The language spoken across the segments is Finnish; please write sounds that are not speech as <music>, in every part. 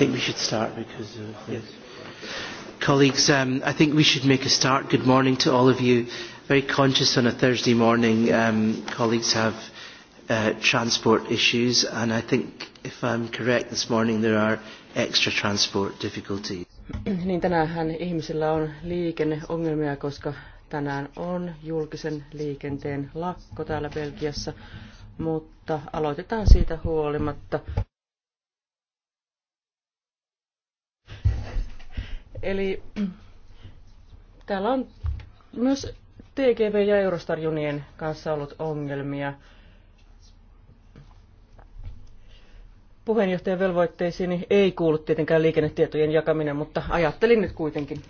think we should start because of yes. colleagues, um, I think we should make a start. Good morning to all of you. Very conscious on a Thursday morning, um, colleagues have uh, transport issues, and I think, if I'm correct, this morning there are extra transport difficulties. <clears throat> Niin tänään ihmisillä on liikenneongelmia, koska tänään on julkisen liikenteen lakko täällä Belgiassa, mutta aloitetaan siitä huolimatta. Eli <clears throat> täällä on myös TGV ja Eurostar-junien kanssa ollut ongelmia. Puheenjohtajan velvoitteisiin ei kuulu tietenkään liikennetietojen jakaminen, mutta ajattelin nyt kuitenkin.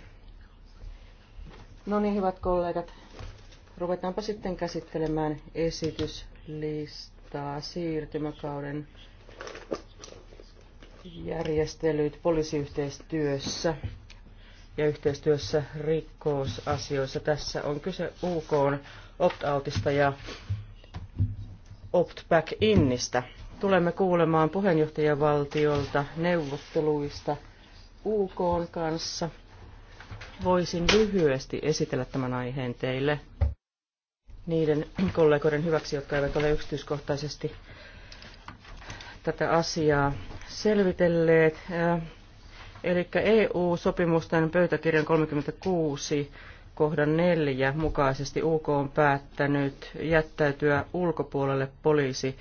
No niin, hyvät kollegat, ruvetaanpa sitten käsittelemään esityslistaa siirtymäkauden järjestelyt poliisiyhteistyössä ja yhteistyössä rikkousasioissa. Tässä on kyse UK opt-outista ja opt-back-innistä. Tulemme kuulemaan puheenjohtajavaltiolta neuvotteluista UK kanssa. Voisin lyhyesti esitellä tämän aiheen teille niiden kollegoiden hyväksi, jotka eivät ole yksityiskohtaisesti tätä asiaa selvitelleet. Eli EU-sopimusten pöytäkirjan 36 kohdan 4 mukaisesti UK on päättänyt jättäytyä ulkopuolelle poliisi-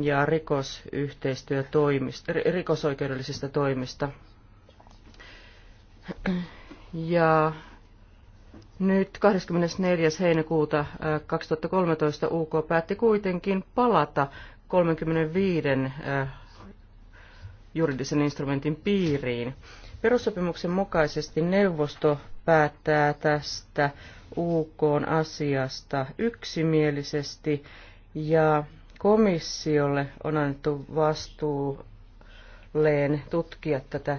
ja rikosyhteistyötoimista, rikosoikeudellisista toimista. Ja nyt 24. heinäkuuta 2013 äh, UK päätti kuitenkin palata 35 juridisen instrumentin piiriin. Perussopimuksen mukaisesti neuvosto päättää tästä UK asiasta yksimielisesti ja komissiolle on annettu vastuulleen tutkia tätä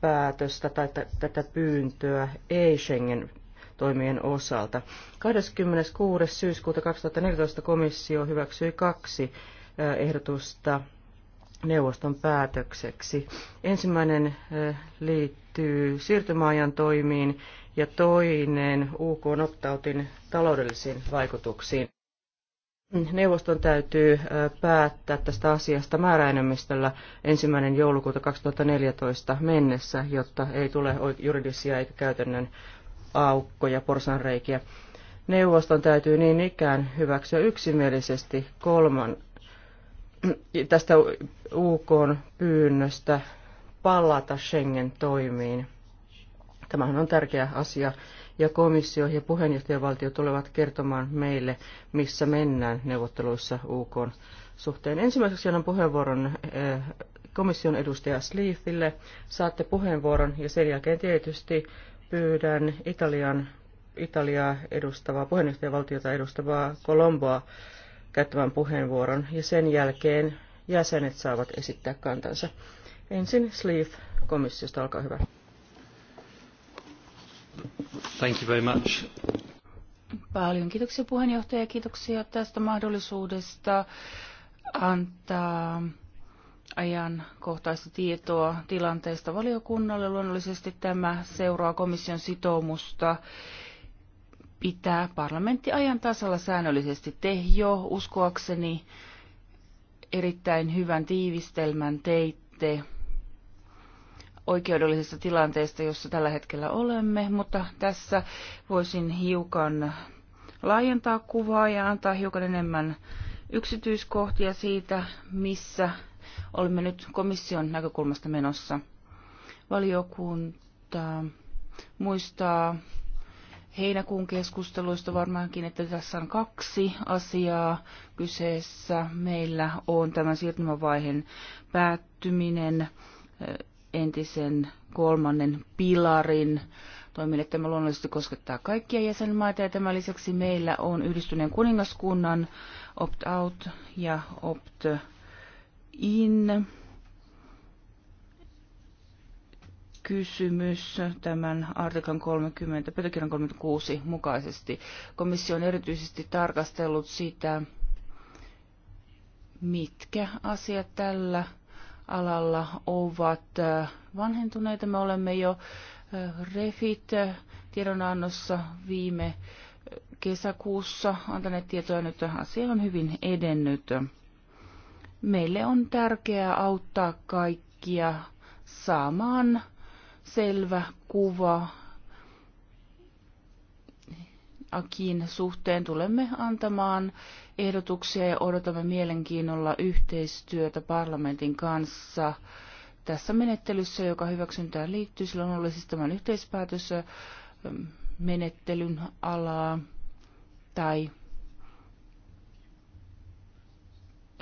päätöstä tai tätä pyyntöä ei Schengen toimien osalta. 26. syyskuuta 2014 komissio hyväksyi kaksi ehdotusta neuvoston päätökseksi. Ensimmäinen liittyy siirtymäajan toimiin ja toinen UK optautin taloudellisiin vaikutuksiin. Neuvoston täytyy päättää tästä asiasta määräenemmistöllä ensimmäinen joulukuuta 2014 mennessä, jotta ei tule juridisia eikä käytännön aukkoja, porsanreikiä. Neuvoston täytyy niin ikään hyväksyä yksimielisesti kolman, tästä UK pyynnöstä palata Schengen-toimiin. Tämähän on tärkeä asia ja komissio ja puheenjohtajavaltio tulevat kertomaan meille, missä mennään neuvotteluissa UK suhteen. Ensimmäiseksi annan puheenvuoron eh, komission edustaja Sleethille. Saatte puheenvuoron ja sen jälkeen tietysti pyydän Italian, Italiaa edustavaa, puheenjohtajavaltiota edustavaa Kolomboa käyttämään puheenvuoron ja sen jälkeen jäsenet saavat esittää kantansa. Ensin Sleeve komissiosta, olkaa hyvä. Thank you very much. Paljon kiitoksia puheenjohtaja ja kiitoksia tästä mahdollisuudesta antaa ajankohtaista tietoa tilanteesta valiokunnalle. Luonnollisesti tämä seuraa komission sitoumusta pitää parlamentti ajan tasalla säännöllisesti. tehjo uskoakseni erittäin hyvän tiivistelmän teitte oikeudellisesta tilanteesta, jossa tällä hetkellä olemme, mutta tässä voisin hiukan laajentaa kuvaa ja antaa hiukan enemmän yksityiskohtia siitä, missä olemme nyt komission näkökulmasta menossa. Valiokunta muistaa heinäkuun keskusteluista varmaankin, että tässä on kaksi asiaa kyseessä. Meillä on tämän siirtymävaiheen päättyminen entisen kolmannen pilarin toimille. Tämä luonnollisesti koskettaa kaikkia jäsenmaita ja tämän lisäksi meillä on yhdistyneen kuningaskunnan opt-out ja opt-in kysymys tämän artiklan 30, pöytäkirjan 36 mukaisesti. Komissio on erityisesti tarkastellut sitä, mitkä asiat tällä alalla ovat äh, vanhentuneita. Me olemme jo äh, refit äh, tiedonannossa viime kesäkuussa antaneet tietoja nyt asia on hyvin edennyt. Meille on tärkeää auttaa kaikkia saamaan selvä kuva Akin suhteen tulemme antamaan ehdotuksia ja odotamme mielenkiinnolla yhteistyötä parlamentin kanssa tässä menettelyssä, joka hyväksyntään liittyy. Sillä on ollut siis tämän yhteispäätös menettelyn alaa tai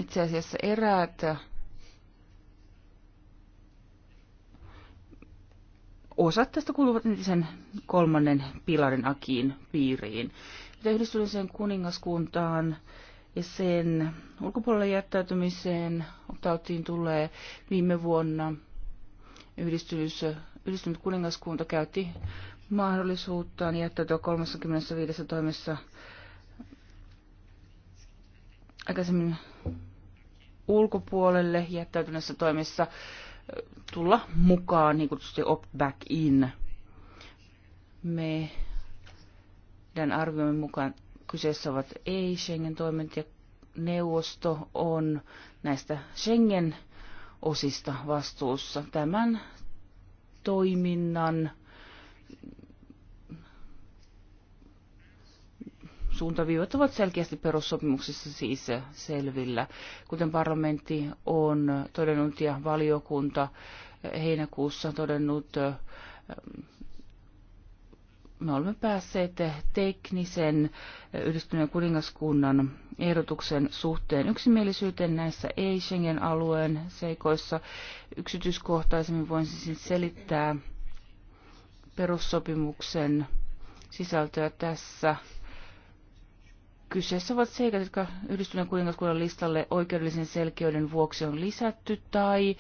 itse asiassa eräät Osa tästä kuuluvat sen kolmannen pilarin akiin piiriin. Mitä yhdistyneeseen kuningaskuntaan ja sen ulkopuolelle jättäytymiseen optautiin tulee viime vuonna yhdistynyt kuningaskunta käytti mahdollisuuttaan jättäytyä 35 toimessa aikaisemmin ulkopuolelle jättäytyneessä toimessa tulla mukaan niin kutsutusti opt back in. tämän arvioimme mukaan kyseessä ovat ei schengen toiminta ja neuvosto on näistä Schengen-osista vastuussa. Tämän toiminnan suuntaviivat ovat selkeästi perussopimuksessa siis selvillä. Kuten parlamentti on todennut ja valiokunta heinäkuussa todennut, ähm, me olemme päässeet teknisen yhdistyneen kuningaskunnan ehdotuksen suhteen yksimielisyyteen näissä ei Schengen-alueen seikoissa. Yksityiskohtaisemmin voin siis selittää perussopimuksen sisältöä tässä Kyseessä ovat seikat, jotka yhdistyneen kuningaskunnan listalle oikeudellisen selkeyden vuoksi on lisätty tai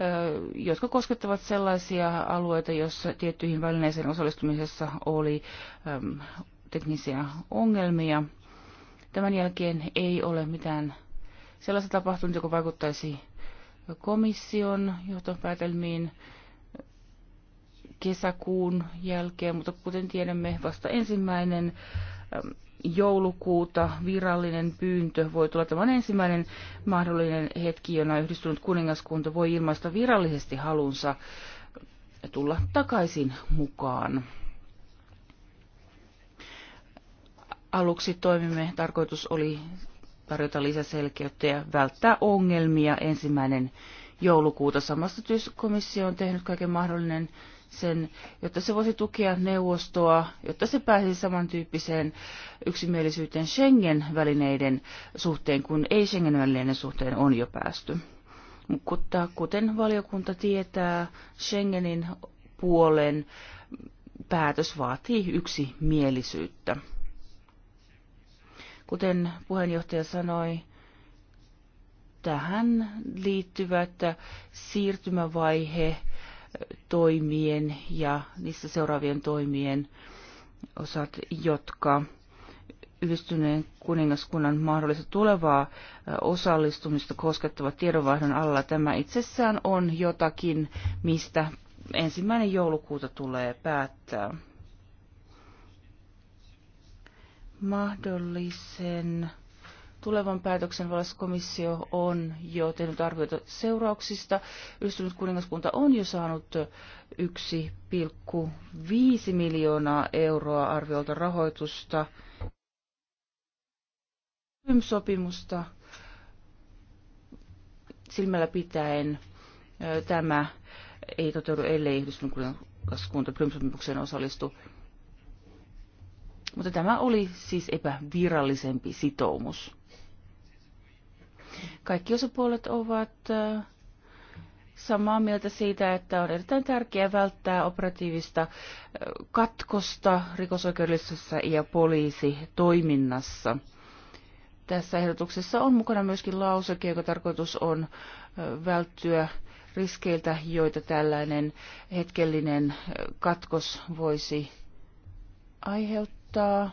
ö, jotka koskettavat sellaisia alueita, joissa tiettyihin välineisiin osallistumisessa oli ö, teknisiä ongelmia. Tämän jälkeen ei ole mitään sellaista tapahtunut, joka vaikuttaisi komission johtopäätelmiin kesäkuun jälkeen, mutta kuten tiedämme, vasta ensimmäinen joulukuuta virallinen pyyntö voi tulla. Tämä on ensimmäinen mahdollinen hetki, jona yhdistynyt kuningaskunta voi ilmaista virallisesti halunsa tulla takaisin mukaan. Aluksi toimimme, tarkoitus oli tarjota lisäselkeyttä ja välttää ongelmia ensimmäinen joulukuuta. Samasta komissio on tehnyt kaiken mahdollinen sen, jotta se voisi tukea neuvostoa, jotta se pääsisi samantyyppiseen yksimielisyyteen Schengen-välineiden suhteen kun ei Schengen-välineiden suhteen on jo päästy. Mutta kuten valiokunta tietää, Schengenin puolen päätös vaatii yksimielisyyttä. Kuten puheenjohtaja sanoi, tähän liittyvät siirtymävaihe toimien ja niissä seuraavien toimien osat, jotka yhdistyneen kuningaskunnan mahdollista tulevaa osallistumista koskettavat tiedonvaihdon alla. Tämä itsessään on jotakin, mistä ensimmäinen joulukuuta tulee päättää. Mahdollisen tulevan päätöksen valossa komissio on jo tehnyt arvioita seurauksista. Yhdistynyt kuningaskunta on jo saanut 1,5 miljoonaa euroa arviolta rahoitusta sopimusta silmällä pitäen tämä ei toteudu, ellei yhdistynyt kuningaskunta Prym-sopimukseen osallistu. Mutta tämä oli siis epävirallisempi sitoumus. Kaikki osapuolet ovat samaa mieltä siitä, että on erittäin tärkeää välttää operatiivista katkosta rikosoikeudellisessa ja poliisitoiminnassa. Tässä ehdotuksessa on mukana myöskin lauseke, joka tarkoitus on välttyä riskeiltä, joita tällainen hetkellinen katkos voisi aiheuttaa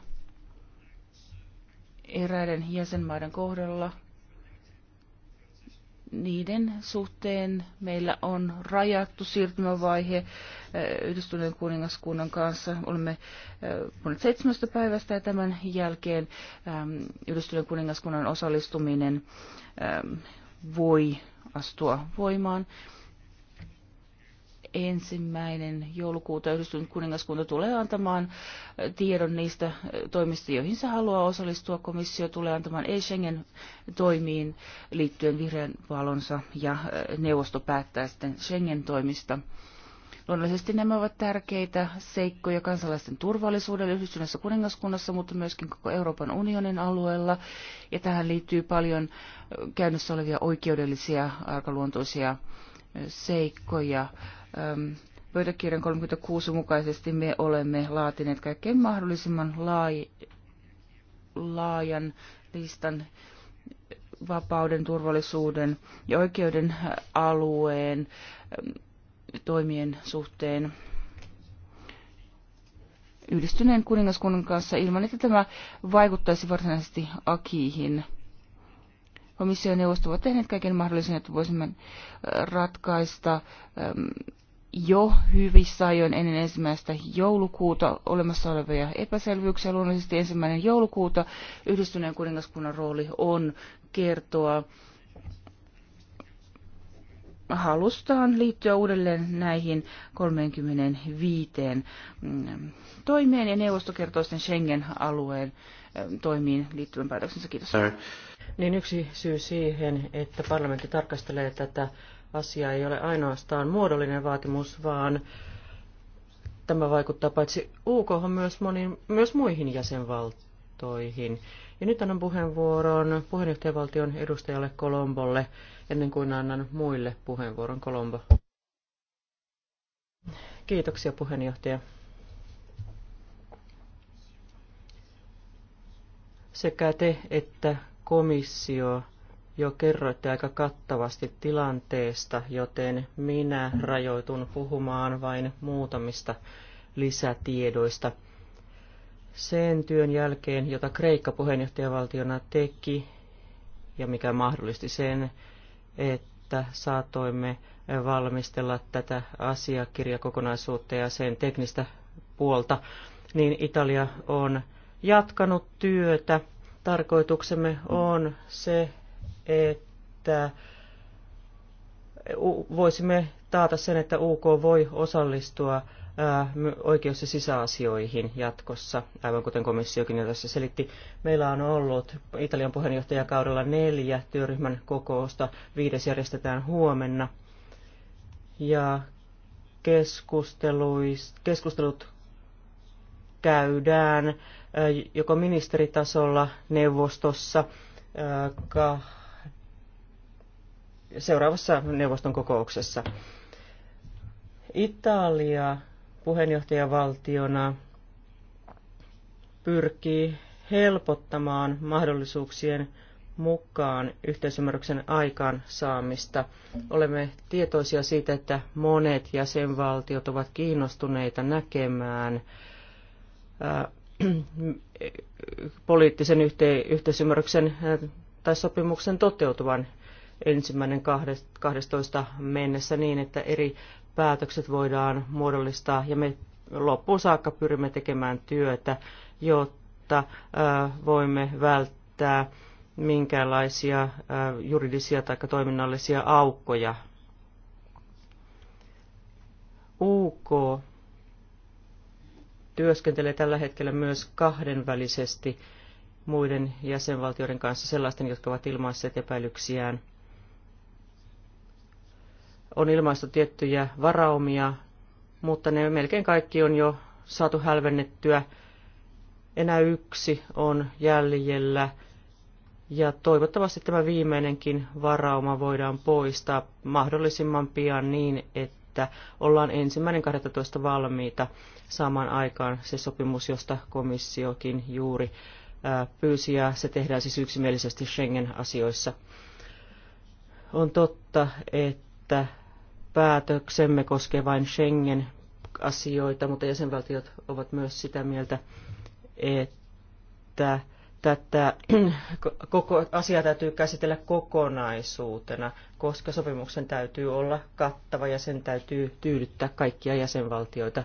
eräiden jäsenmaiden kohdalla – niiden suhteen meillä on rajattu siirtymävaihe eh, yhdistyneen kuningaskunnan kanssa. Olemme eh, puhuneet seitsemästä päivästä ja tämän jälkeen ehm, yhdistyneen kuningaskunnan osallistuminen ehm, voi astua voimaan ensimmäinen joulukuuta yhdistynyt kuningaskunta tulee antamaan tiedon niistä toimista, joihin se haluaa osallistua. Komissio tulee antamaan ei-Schengen toimiin liittyen vihreän valonsa ja neuvosto päättää sitten Schengen toimista. Luonnollisesti nämä ovat tärkeitä seikkoja kansalaisten turvallisuudelle yhdistyneessä kuningaskunnassa, mutta myöskin koko Euroopan unionin alueella. Ja tähän liittyy paljon käynnissä olevia oikeudellisia arkaluontoisia seikkoja. Pöytäkirjan 36 mukaisesti me olemme laatineet kaikkein mahdollisimman laaj- laajan listan vapauden, turvallisuuden ja oikeuden alueen toimien suhteen yhdistyneen kuningaskunnan kanssa ilman, että tämä vaikuttaisi varsinaisesti akiihin komissio ja neuvosto ovat tehneet kaiken mahdollisen, että voisimme äh, ratkaista jo hyvissä ajoin ennen ensimmäistä joulukuuta olemassa olevia epäselvyyksiä. Luonnollisesti ensimmäinen joulukuuta yhdistyneen kuningaskunnan rooli on kertoa halustaan liittyä uudelleen näihin 35 mm, toimeen ja neuvosto kertoo sitten Schengen-alueen toimiin liittyvän päätöksensä. Kiitos niin yksi syy siihen, että parlamentti tarkastelee tätä asiaa, ei ole ainoastaan muodollinen vaatimus, vaan tämä vaikuttaa paitsi UK myös, moniin, myös muihin jäsenvaltoihin. Ja nyt annan puheenvuoron puheenjohtajavaltion edustajalle Kolombolle, ennen kuin annan muille puheenvuoron Kolombo. Kiitoksia puheenjohtaja. Sekä te että komissio jo kerroitte aika kattavasti tilanteesta, joten minä rajoitun puhumaan vain muutamista lisätiedoista. Sen työn jälkeen, jota Kreikka puheenjohtajavaltiona teki, ja mikä mahdollisti sen, että saatoimme valmistella tätä asiakirjakokonaisuutta ja sen teknistä puolta, niin Italia on jatkanut työtä tarkoituksemme on se, että voisimme taata sen, että UK voi osallistua oikeus- ja sisäasioihin jatkossa, aivan kuten komissiokin jo tässä selitti. Meillä on ollut Italian puheenjohtajakaudella neljä työryhmän kokousta, viides järjestetään huomenna. Ja keskustelut käydään joko ministeritasolla, neuvostossa, seuraavassa neuvoston kokouksessa. Italia puheenjohtajavaltiona pyrkii helpottamaan mahdollisuuksien mukaan yhteisymmärryksen aikaan saamista. Olemme tietoisia siitä, että monet jäsenvaltiot ovat kiinnostuneita näkemään <clears throat> poliittisen yhte, yhteisymmärryksen tai sopimuksen toteutuvan ensimmäinen 12 mennessä niin, että eri päätökset voidaan muodollistaa ja me loppuun saakka pyrimme tekemään työtä, jotta voimme välttää minkäänlaisia juridisia tai toiminnallisia aukkoja. UK työskentelee tällä hetkellä myös kahdenvälisesti muiden jäsenvaltioiden kanssa, sellaisten, jotka ovat ilmaisseet epäilyksiään. On ilmaistu tiettyjä varaumia, mutta ne melkein kaikki on jo saatu hälvennettyä. Enää yksi on jäljellä. Ja toivottavasti tämä viimeinenkin varauma voidaan poistaa mahdollisimman pian niin, että että ollaan ensimmäinen 12. valmiita saamaan aikaan se sopimus, josta komissiokin juuri pyysi, ja se tehdään siis yksimielisesti Schengen-asioissa. On totta, että päätöksemme koskee vain Schengen-asioita, mutta jäsenvaltiot ovat myös sitä mieltä, että tätä <clears throat> koko asiaa täytyy käsitellä kokonaisuutena, koska sopimuksen täytyy olla kattava ja sen täytyy tyydyttää kaikkia jäsenvaltioita.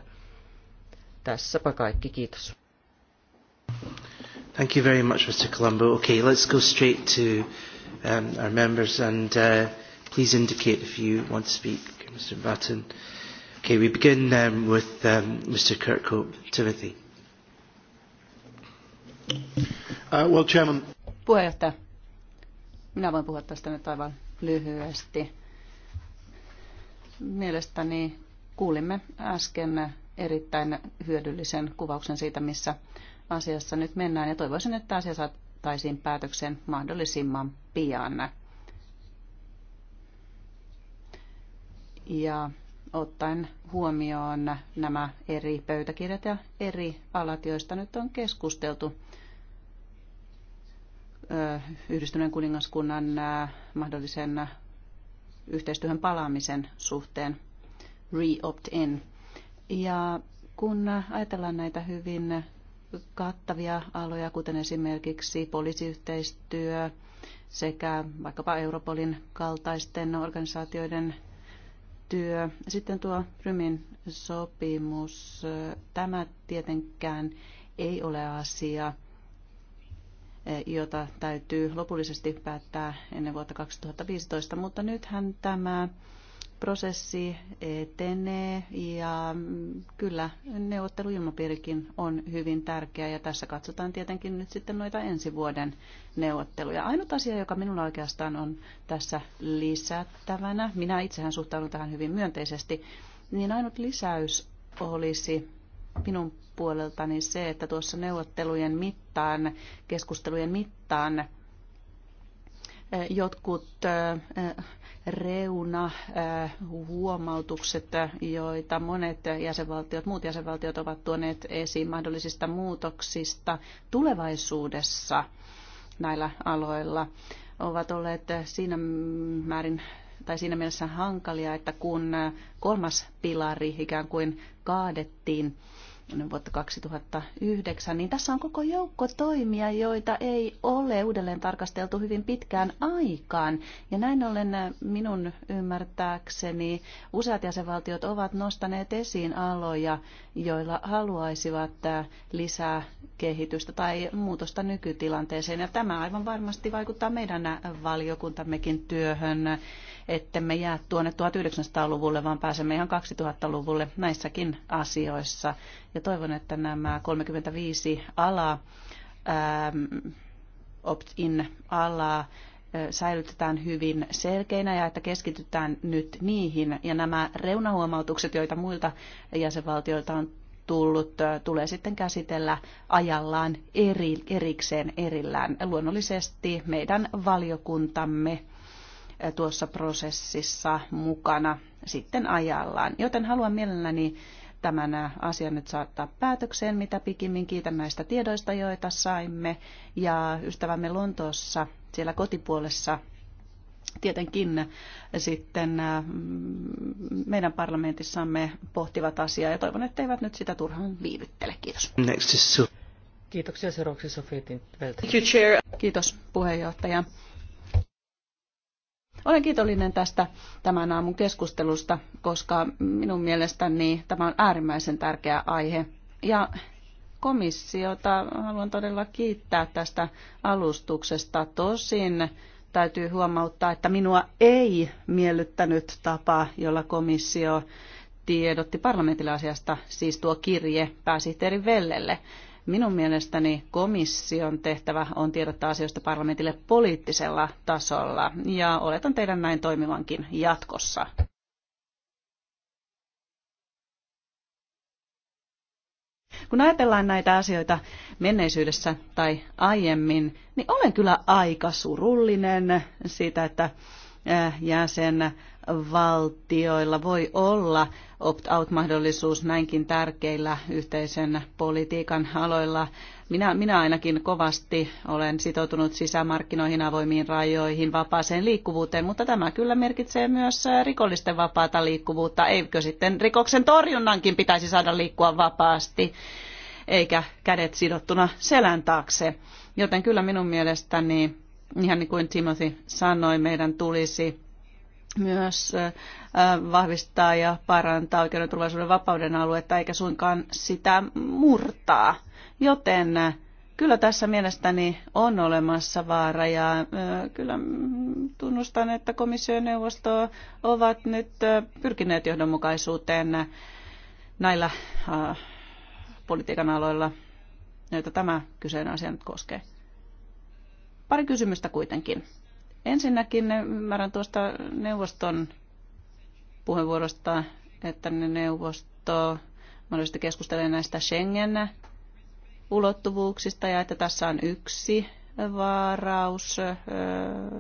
Tässäpä kaikki, kiitos. Thank you very much, Mr. Colombo. Okay, let's go straight to um, our members and uh, please indicate if you want to speak, Mr. Batten. Okay, we begin um, with um, Mr. Kirkhope, Timothy. Uh, Puheenjohtaja, minä voin puhua tästä nyt aivan lyhyesti. Mielestäni kuulimme äsken erittäin hyödyllisen kuvauksen siitä, missä asiassa nyt mennään, ja toivoisin, että asia saataisiin päätöksen mahdollisimman pian. Ja ottaen huomioon nämä eri pöytäkirjat ja eri alat, joista nyt on keskusteltu. Yhdistyneen kuningaskunnan mahdollisen yhteistyöhön palaamisen suhteen re-opt-in. Ja kun ajatellaan näitä hyvin kattavia aloja, kuten esimerkiksi poliisiyhteistyö sekä vaikkapa Europolin kaltaisten organisaatioiden työ. Sitten tuo Prymin sopimus. Tämä tietenkään ei ole asia, jota täytyy lopullisesti päättää ennen vuotta 2015, mutta nythän tämä prosessi etenee ja kyllä neuvotteluilmapiirikin on hyvin tärkeä ja tässä katsotaan tietenkin nyt sitten noita ensi vuoden neuvotteluja. Ainut asia, joka minulla oikeastaan on tässä lisättävänä, minä itsehän suhtaudun tähän hyvin myönteisesti, niin ainut lisäys olisi minun puoleltani se, että tuossa neuvottelujen mittaan, keskustelujen mittaan Eh, jotkut eh, eh, reunahuomautukset, joita monet jäsenvaltiot, muut jäsenvaltiot ovat tuoneet esiin mahdollisista muutoksista tulevaisuudessa näillä aloilla, ovat olleet siinä määrin tai siinä mielessä hankalia, että kun kolmas pilari ikään kuin kaadettiin, vuotta 2009, niin tässä on koko joukko toimia, joita ei ole uudelleen tarkasteltu hyvin pitkään aikaan. Ja näin ollen minun ymmärtääkseni useat jäsenvaltiot ovat nostaneet esiin aloja, joilla haluaisivat lisää kehitystä tai muutosta nykytilanteeseen. Ja tämä aivan varmasti vaikuttaa meidän valiokuntammekin työhön ettemme jää tuonne 1900-luvulle, vaan pääsemme ihan 2000-luvulle näissäkin asioissa. Ja toivon, että nämä 35 alaa, ähm, opt-in-alaa, äh, säilytetään hyvin selkeinä ja että keskitytään nyt niihin. Ja nämä reunahuomautukset, joita muilta jäsenvaltioilta on tullut, äh, tulee sitten käsitellä ajallaan eri, erikseen erillään. Luonnollisesti meidän valiokuntamme tuossa prosessissa mukana sitten ajallaan. Joten haluan mielelläni tämän asian nyt saattaa päätökseen, mitä pikimmin kiitän näistä tiedoista, joita saimme. Ja ystävämme Lontoossa siellä kotipuolessa tietenkin sitten mm, meidän parlamentissamme pohtivat asiaa ja toivon, että eivät nyt sitä turhaan viivyttele. Kiitos. Next is Kiitoksia seuraavaksi Sofia Kiitos puheenjohtaja. Olen kiitollinen tästä tämän aamun keskustelusta, koska minun mielestäni tämä on äärimmäisen tärkeä aihe. Ja komissiota haluan todella kiittää tästä alustuksesta. Tosin täytyy huomauttaa, että minua ei miellyttänyt tapa, jolla komissio tiedotti parlamentille asiasta, siis tuo kirje pääsihteeri Vellelle. Minun mielestäni komission tehtävä on tiedottaa asioista parlamentille poliittisella tasolla ja oletan teidän näin toimivankin jatkossa. Kun ajatellaan näitä asioita menneisyydessä tai aiemmin, niin olen kyllä aika surullinen siitä, että eh, jäsen valtioilla voi olla opt-out-mahdollisuus näinkin tärkeillä yhteisen politiikan aloilla. Minä, minä ainakin kovasti olen sitoutunut sisämarkkinoihin, avoimiin rajoihin, vapaaseen liikkuvuuteen, mutta tämä kyllä merkitsee myös rikollisten vapaata liikkuvuutta. Eikö sitten rikoksen torjunnankin pitäisi saada liikkua vapaasti, eikä kädet sidottuna selän taakse. Joten kyllä minun mielestäni, ihan niin kuin Timothy sanoi, meidän tulisi myös vahvistaa ja parantaa turvallisuuden vapauden aluetta, eikä suinkaan sitä murtaa. Joten kyllä tässä mielestäni on olemassa vaara ja kyllä tunnustan, että komission neuvosto ovat nyt pyrkineet johdonmukaisuuteen näillä politiikan aloilla, joita tämä kyseinen asia nyt koskee. Pari kysymystä kuitenkin. Ensinnäkin ymmärrän tuosta neuvoston puheenvuorosta, että neuvosto mahdollisesti keskustelee näistä Schengen-ulottuvuuksista ja että tässä on yksi varaus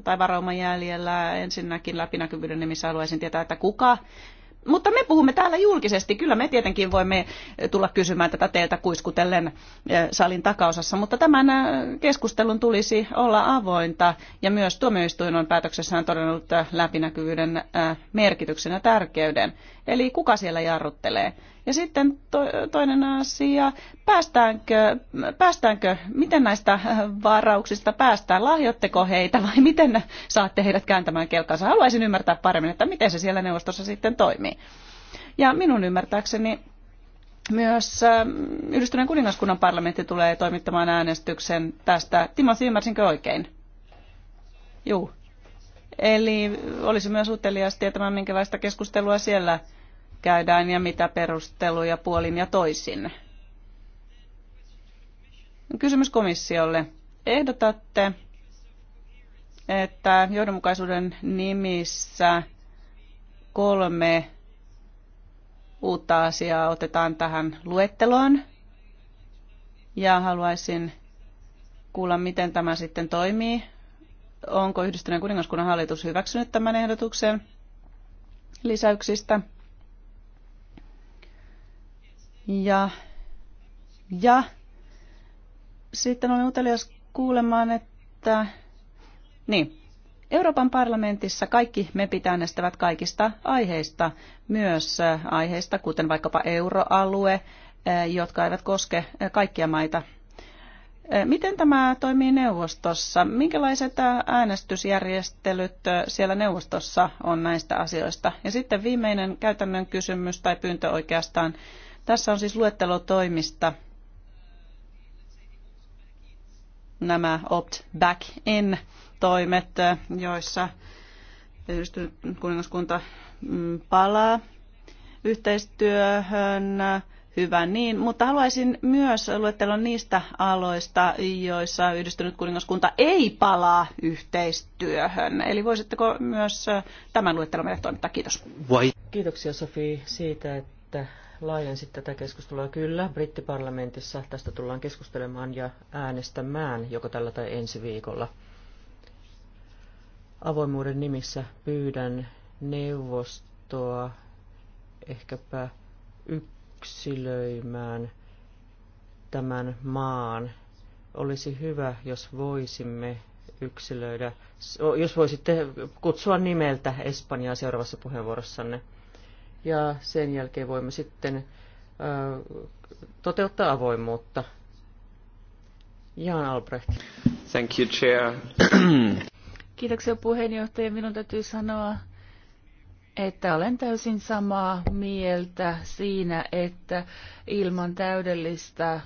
tai varauma jäljellä. Ensinnäkin läpinäkyvyyden nimissä haluaisin tietää, että kuka mutta me puhumme täällä julkisesti. Kyllä me tietenkin voimme eh, tulla kysymään tätä teiltä kuiskutellen eh, salin takaosassa, mutta tämän eh, keskustelun tulisi olla avointa. Ja myös tuomioistuin on päätöksessään todennut läpinäkyvyyden merkityksen ja tärkeyden. Eli kuka siellä jarruttelee? Ja sitten toinen asia, päästäänkö, päästäänkö, miten näistä äh, varauksista päästään, lahjotteko heitä vai <laughs> miten saatte heidät kääntämään kelkansa? Haluaisin ymmärtää paremmin, että miten se siellä neuvostossa sitten toimii. Ja minun ymmärtääkseni myös ähm, Yhdistyneen kuningaskunnan parlamentti tulee toimittamaan äänestyksen tästä. Timo ymmärsinkö oikein? Juu. Eli olisi myös uteliaasti tietämään, minkälaista keskustelua siellä käydään ja mitä perusteluja puolin ja toisin. Kysymys komissiolle. Ehdotatte, että johdonmukaisuuden nimissä kolme uutta asiaa otetaan tähän luetteloon. Ja haluaisin kuulla, miten tämä sitten toimii. Onko yhdistyneen kuningaskunnan hallitus hyväksynyt tämän ehdotuksen lisäyksistä? Ja, ja sitten olen utelias kuulemaan, että niin, Euroopan parlamentissa kaikki me äänestävät kaikista aiheista, myös aiheista, kuten vaikkapa euroalue, jotka eivät koske kaikkia maita. Miten tämä toimii neuvostossa? Minkälaiset äänestysjärjestelyt siellä neuvostossa on näistä asioista? Ja sitten viimeinen käytännön kysymys tai pyyntö oikeastaan tässä on siis luettelo toimista, nämä opt-back-in toimet, joissa yhdistynyt kuningaskunta mm, palaa yhteistyöhön. Hyvä niin, mutta haluaisin myös luettelon niistä aloista, joissa yhdistynyt kuningaskunta ei palaa yhteistyöhön. Eli voisitteko myös tämän luettelon meille toimittaa? Kiitos. Vai. Kiitoksia Sofi siitä, että laajensit tätä keskustelua. Kyllä, brittiparlamentissa tästä tullaan keskustelemaan ja äänestämään joko tällä tai ensi viikolla. Avoimuuden nimissä pyydän neuvostoa ehkäpä yksilöimään tämän maan. Olisi hyvä, jos voisimme yksilöidä, jos voisitte kutsua nimeltä Espanjaa seuraavassa puheenvuorossanne ja sen jälkeen voimme sitten toteuttaa avoimuutta. Jan Albrecht. Thank you, Chair. <clears throat> Kiitoksia puheenjohtaja. Minun täytyy sanoa, että olen täysin samaa mieltä siinä, että ilman täydellistä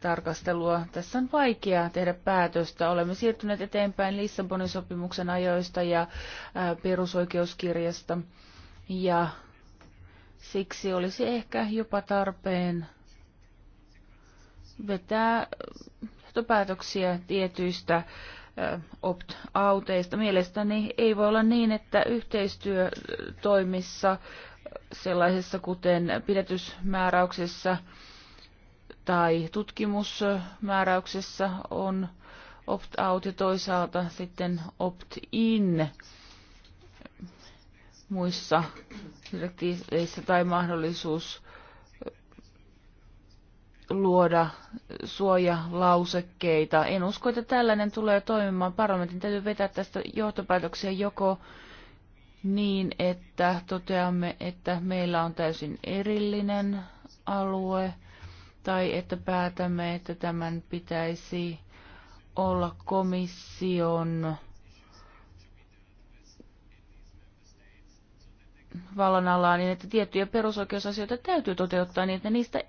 tarkastelua tässä on vaikea tehdä päätöstä. Olemme siirtyneet eteenpäin Lissabonin sopimuksen ajoista ja perusoikeuskirjasta ja siksi olisi ehkä jopa tarpeen vetää johtopäätöksiä tietyistä opt-outeista. Mielestäni ei voi olla niin, että yhteistyötoimissa sellaisessa kuten pidetysmääräyksessä tai tutkimusmääräyksessä on opt-out ja toisaalta sitten opt-in muissa direktiiveissä tai mahdollisuus luoda suojalausekkeita. En usko, että tällainen tulee toimimaan. Parlamentin täytyy vetää tästä johtopäätöksiä joko niin, että toteamme, että meillä on täysin erillinen alue, tai että päätämme, että tämän pitäisi olla komission vallan alaa, niin että tiettyjä perusoikeusasioita täytyy toteuttaa niin, että niistä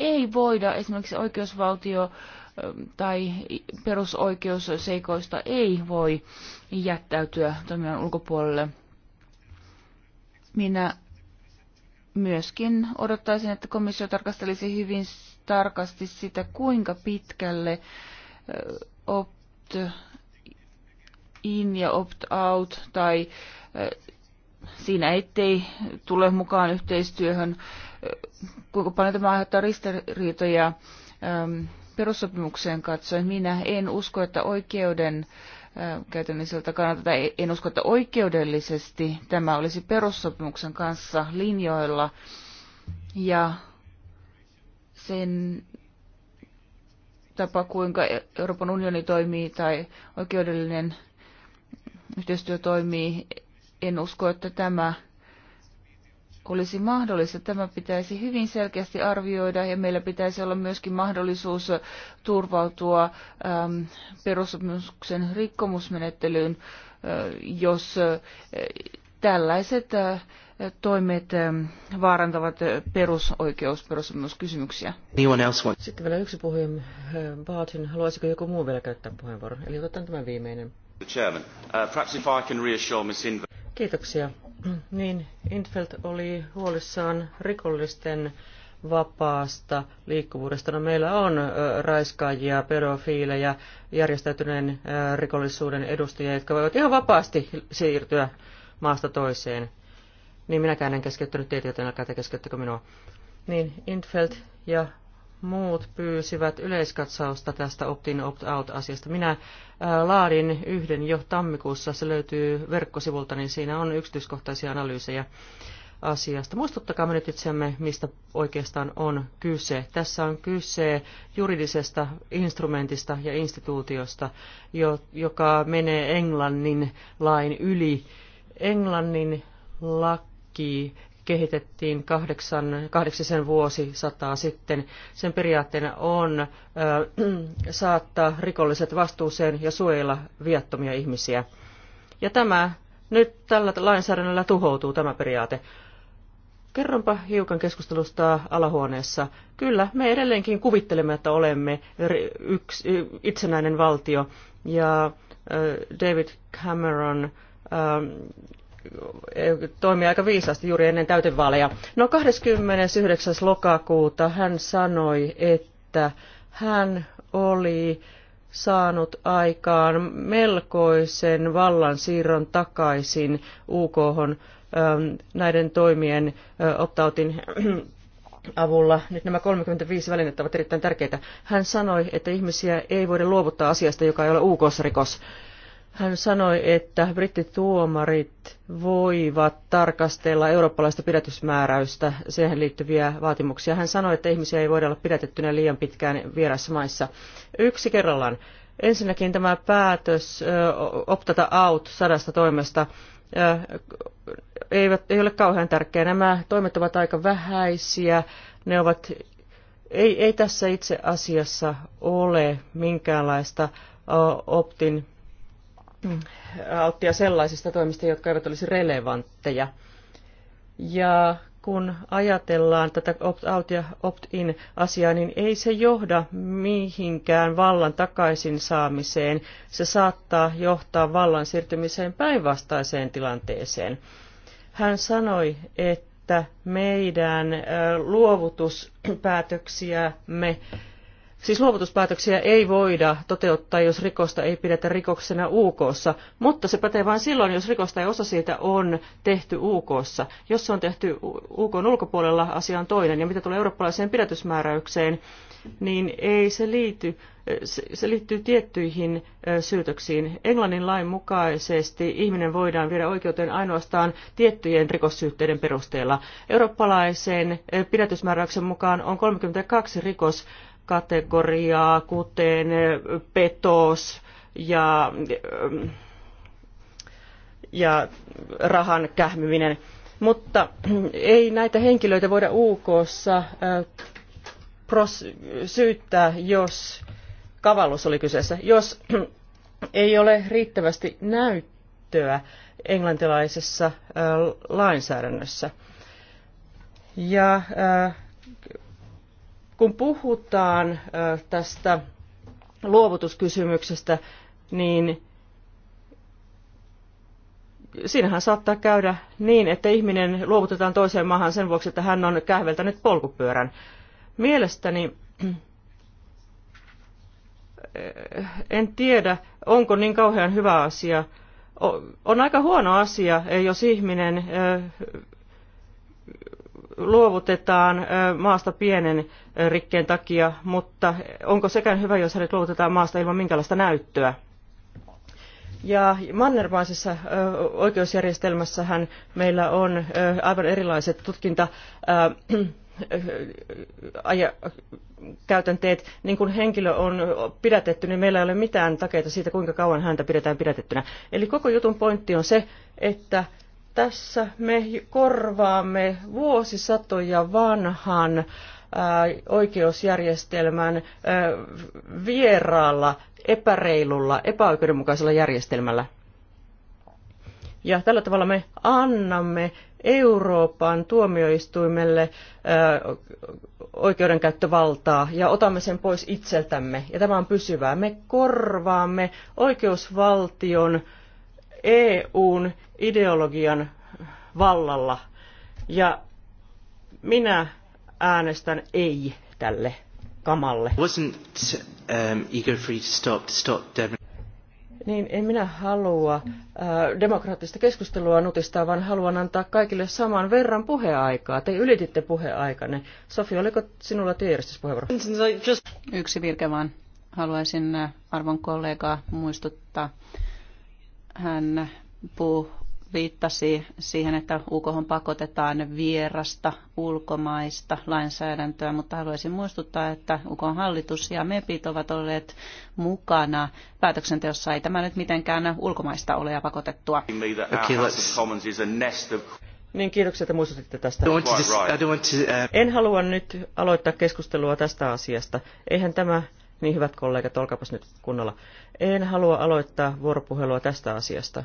ei voida, esimerkiksi oikeusvaltio ähm, tai perusoikeusseikoista ei voi jättäytyä toimijan ulkopuolelle. Minä myöskin odottaisin, että komissio tarkastelisi hyvin tarkasti sitä, kuinka pitkälle äh, opt-in ja opt-out tai äh, siinä, ettei tule mukaan yhteistyöhön. Kuinka paljon tämä aiheuttaa ristiriitoja ähm, perussopimukseen katsoen? Minä en usko, että oikeuden äh, käytännölliseltä kannalta, tai en usko, että oikeudellisesti tämä olisi perussopimuksen kanssa linjoilla. Ja sen tapa, kuinka Euroopan unioni toimii tai oikeudellinen yhteistyö toimii, en usko, että tämä olisi mahdollista. Tämä pitäisi hyvin selkeästi arvioida ja meillä pitäisi olla myöskin mahdollisuus turvautua äm, perussopimuksen rikkomusmenettelyyn, äh, jos äh, tällaiset äh, toimet ähm, vaarantavat perusoikeus, perussopimuskysymyksiä. Sitten vielä yksi puhuja, Baatin, Haluaisiko joku muu vielä käyttää puheenvuoron? Eli otetaan tämä viimeinen. Chairman, uh, perhaps if I can reassure Ms. Inver Kiitoksia. Niin, Infeld oli huolissaan rikollisten vapaasta liikkuvuudesta. No, meillä on raiskaajia, pedofiileja, järjestäytyneen rikollisuuden edustajia, jotka voivat ihan vapaasti siirtyä maasta toiseen. Niin minäkään en keskeyttänyt tietoja, joten älkää te minua. Niin, Infeld ja muut pyysivät yleiskatsausta tästä opt-in, opt-out-asiasta. Minä äh, laadin yhden jo tammikuussa, se löytyy verkkosivulta, niin siinä on yksityiskohtaisia analyysejä asiasta. Muistuttakaa me nyt itseämme, mistä oikeastaan on kyse. Tässä on kyse juridisesta instrumentista ja instituutiosta, joka menee Englannin lain yli. Englannin laki kehitettiin kahdeksan, kahdeksisen vuosisataa sitten. Sen periaatteena on äh, <clears throat> saattaa rikolliset vastuuseen ja suojella viattomia ihmisiä. Ja tämä nyt tällä lainsäädännöllä tuhoutuu tämä periaate. Kerronpa hiukan keskustelusta alahuoneessa. Kyllä, me edelleenkin kuvittelemme, että olemme yks, itsenäinen valtio. Ja David Cameron toimii aika viisaasti juuri ennen täytevaaleja. No 29. lokakuuta hän sanoi, että hän oli saanut aikaan melkoisen vallan siirron takaisin UK näiden toimien optautin <clears throat> avulla. Nyt nämä 35 välinettä ovat erittäin tärkeitä. Hän sanoi, että ihmisiä ei voida luovuttaa asiasta, joka ei ole uk rikos. Hän sanoi, että brittituomarit voivat tarkastella eurooppalaista pidätysmääräystä, siihen liittyviä vaatimuksia. Hän sanoi, että ihmisiä ei voida olla pidätettynä liian pitkään vieraissa maissa. Yksi kerrallaan. Ensinnäkin tämä päätös optata out sadasta toimesta eivät, ei ole kauhean tärkeä. Nämä toimet ovat aika vähäisiä. Ne ovat, ei, ei tässä itse asiassa ole minkäänlaista optin Mm. auttia sellaisista toimista, jotka eivät olisi relevantteja. Ja kun ajatellaan tätä opt-out ja opt-in asiaa, niin ei se johda mihinkään vallan takaisin saamiseen. Se saattaa johtaa vallan siirtymiseen päinvastaiseen tilanteeseen. Hän sanoi, että meidän luovutuspäätöksiämme Siis luovutuspäätöksiä ei voida toteuttaa, jos rikosta ei pidetä rikoksena UKssa, mutta se pätee vain silloin, jos rikosta ja osa siitä on tehty UKssa. Jos se on tehty UKn ulkopuolella, asia on toinen. Ja mitä tulee eurooppalaiseen pidätysmääräykseen, niin ei se liity, se liittyy tiettyihin syytöksiin. Englannin lain mukaisesti ihminen voidaan viedä oikeuteen ainoastaan tiettyjen rikossyytteiden perusteella. Eurooppalaisen pidätysmääräyksen mukaan on 32 rikos kategoriaa, kuten petos ja, ja rahan kähmyminen. Mutta ei näitä henkilöitä voida UKssa syyttää, jos kavallus oli kyseessä, jos ei ole riittävästi näyttöä englantilaisessa lainsäädännössä. Ja kun puhutaan tästä luovutuskysymyksestä, niin siinähän saattaa käydä niin, että ihminen luovutetaan toiseen maahan sen vuoksi, että hän on kähveltänyt polkupyörän. Mielestäni en tiedä, onko niin kauhean hyvä asia. On aika huono asia, jos ihminen luovutetaan maasta pienen rikkeen takia, mutta onko sekään hyvä, jos hänet luovutetaan maasta ilman minkälaista näyttöä? Ja mannermaisessa oikeusjärjestelmässähän meillä on aivan erilaiset tutkinta käytänteet, niin kun henkilö on pidätetty, niin meillä ei ole mitään takeita siitä, kuinka kauan häntä pidetään pidätettynä. Eli koko jutun pointti on se, että tässä me korvaamme vuosisatoja vanhan äh, oikeusjärjestelmän äh, vieraalla, epäreilulla, epäoikeudenmukaisella järjestelmällä. Ja tällä tavalla me annamme Euroopan tuomioistuimelle äh, oikeudenkäyttövaltaa ja otamme sen pois itseltämme. Ja tämä on pysyvää. Me korvaamme oikeusvaltion EUn ideologian vallalla. Ja minä äänestän ei tälle kamalle. Wasn't, um, eager for you to stop, to stop niin en minä halua äh, demokraattista keskustelua nutistaa, vaan haluan antaa kaikille saman verran puheaikaa. Te ylititte puheaikanne. Sofi, oliko sinulla työjärjestyspuheenvuoro? Yksi virke vaan. Haluaisin äh, arvon kollegaa muistuttaa hän puu viittasi siihen, että UK pakotetaan vierasta ulkomaista lainsäädäntöä, mutta haluaisin muistuttaa, että UK hallitus ja MEPit ovat olleet mukana päätöksenteossa. Ei tämä nyt mitenkään ulkomaista ole ja pakotettua. niin, kiitoksia, että muistutitte tästä. Uh, en halua nyt aloittaa keskustelua tästä asiasta. Eihän tämä niin hyvät kollegat, olkapas nyt kunnolla. En halua aloittaa vuoropuhelua tästä asiasta.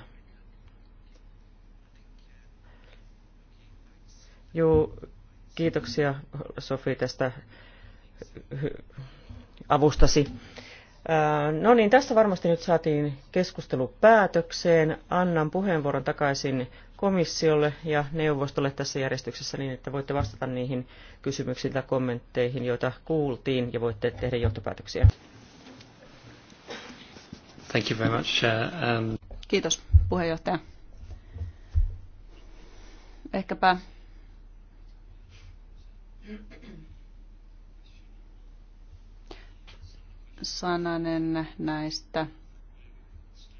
Juu, kiitoksia Sofi tästä avustasi. No niin, tässä varmasti nyt saatiin keskustelu päätökseen. Annan puheenvuoron takaisin komissiolle ja neuvostolle tässä järjestyksessä niin, että voitte vastata niihin kysymyksiin tai kommentteihin, joita kuultiin, ja voitte tehdä johtopäätöksiä. Thank you very much. Um... Kiitos puheenjohtaja. Ehkäpä sananen näistä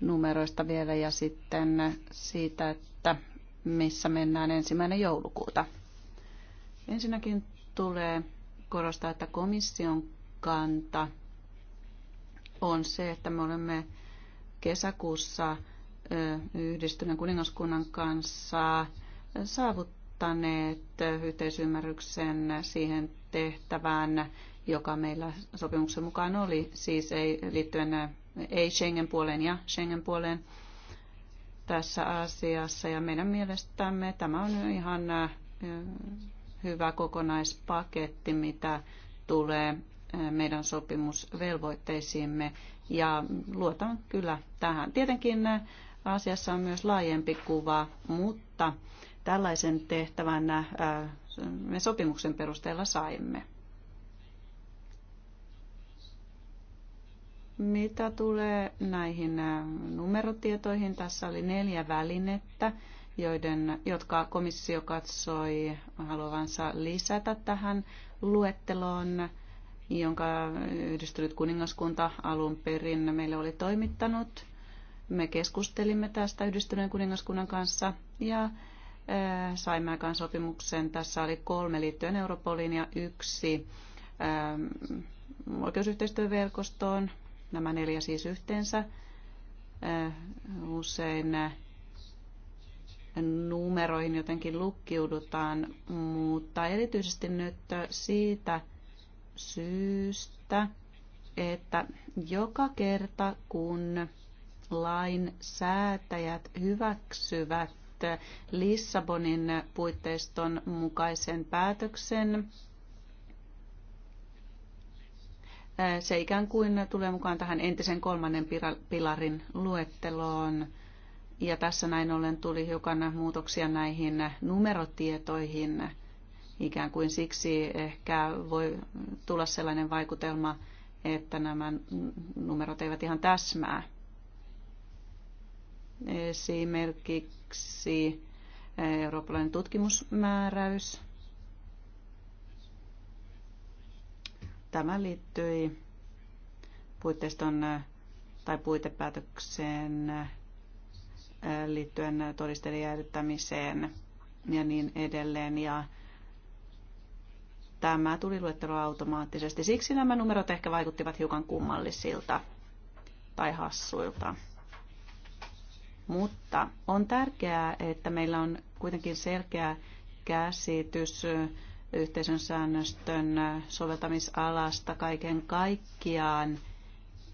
numeroista vielä ja sitten siitä, että missä mennään ensimmäinen joulukuuta. Ensinnäkin tulee korostaa, että komission kanta on se, että me olemme kesäkuussa yhdistyneen kuningaskunnan kanssa saavuttaneet yhteisymmärryksen siihen tehtävään, joka meillä sopimuksen mukaan oli, siis ei liittyen ei Schengen puoleen ja Schengen puoleen tässä asiassa. Ja meidän mielestämme tämä on ihan hyvä kokonaispaketti, mitä tulee meidän sopimusvelvoitteisiimme ja luotan kyllä tähän. Tietenkin asiassa on myös laajempi kuva, mutta tällaisen tehtävän me sopimuksen perusteella saimme. Mitä tulee näihin äh, numerotietoihin, tässä oli neljä välinettä, joiden, jotka komissio katsoi haluavansa lisätä tähän luetteloon, jonka yhdistynyt kuningaskunta alun perin meille oli toimittanut. Me keskustelimme tästä yhdistyneen kuningaskunnan kanssa ja äh, saimme aikaan sopimuksen. Tässä oli kolme liittyen Europoliin ja yksi ähm, oikeusyhteistyöverkostoon nämä neljä siis yhteensä, äh, usein äh, numeroihin jotenkin lukkiudutaan, mutta erityisesti nyt äh, siitä syystä, että joka kerta kun lainsäätäjät hyväksyvät Lissabonin puitteiston mukaisen päätöksen, se ikään kuin tulee mukaan tähän entisen kolmannen pilarin luetteloon. Ja tässä näin ollen tuli hiukan muutoksia näihin numerotietoihin. Ikään kuin siksi ehkä voi tulla sellainen vaikutelma, että nämä numerot eivät ihan täsmää. Esimerkiksi eurooppalainen tutkimusmääräys – Tämä liittyi puitteiston äh, tai puitepäätökseen äh, liittyen todisteiden jäädyttämiseen ja niin edelleen. Ja tämä tuli luettelo automaattisesti. Siksi nämä numerot ehkä vaikuttivat hiukan kummallisilta tai hassuilta. Mutta on tärkeää, että meillä on kuitenkin selkeä käsitys yhteisön säännöstön soveltamisalasta kaiken kaikkiaan.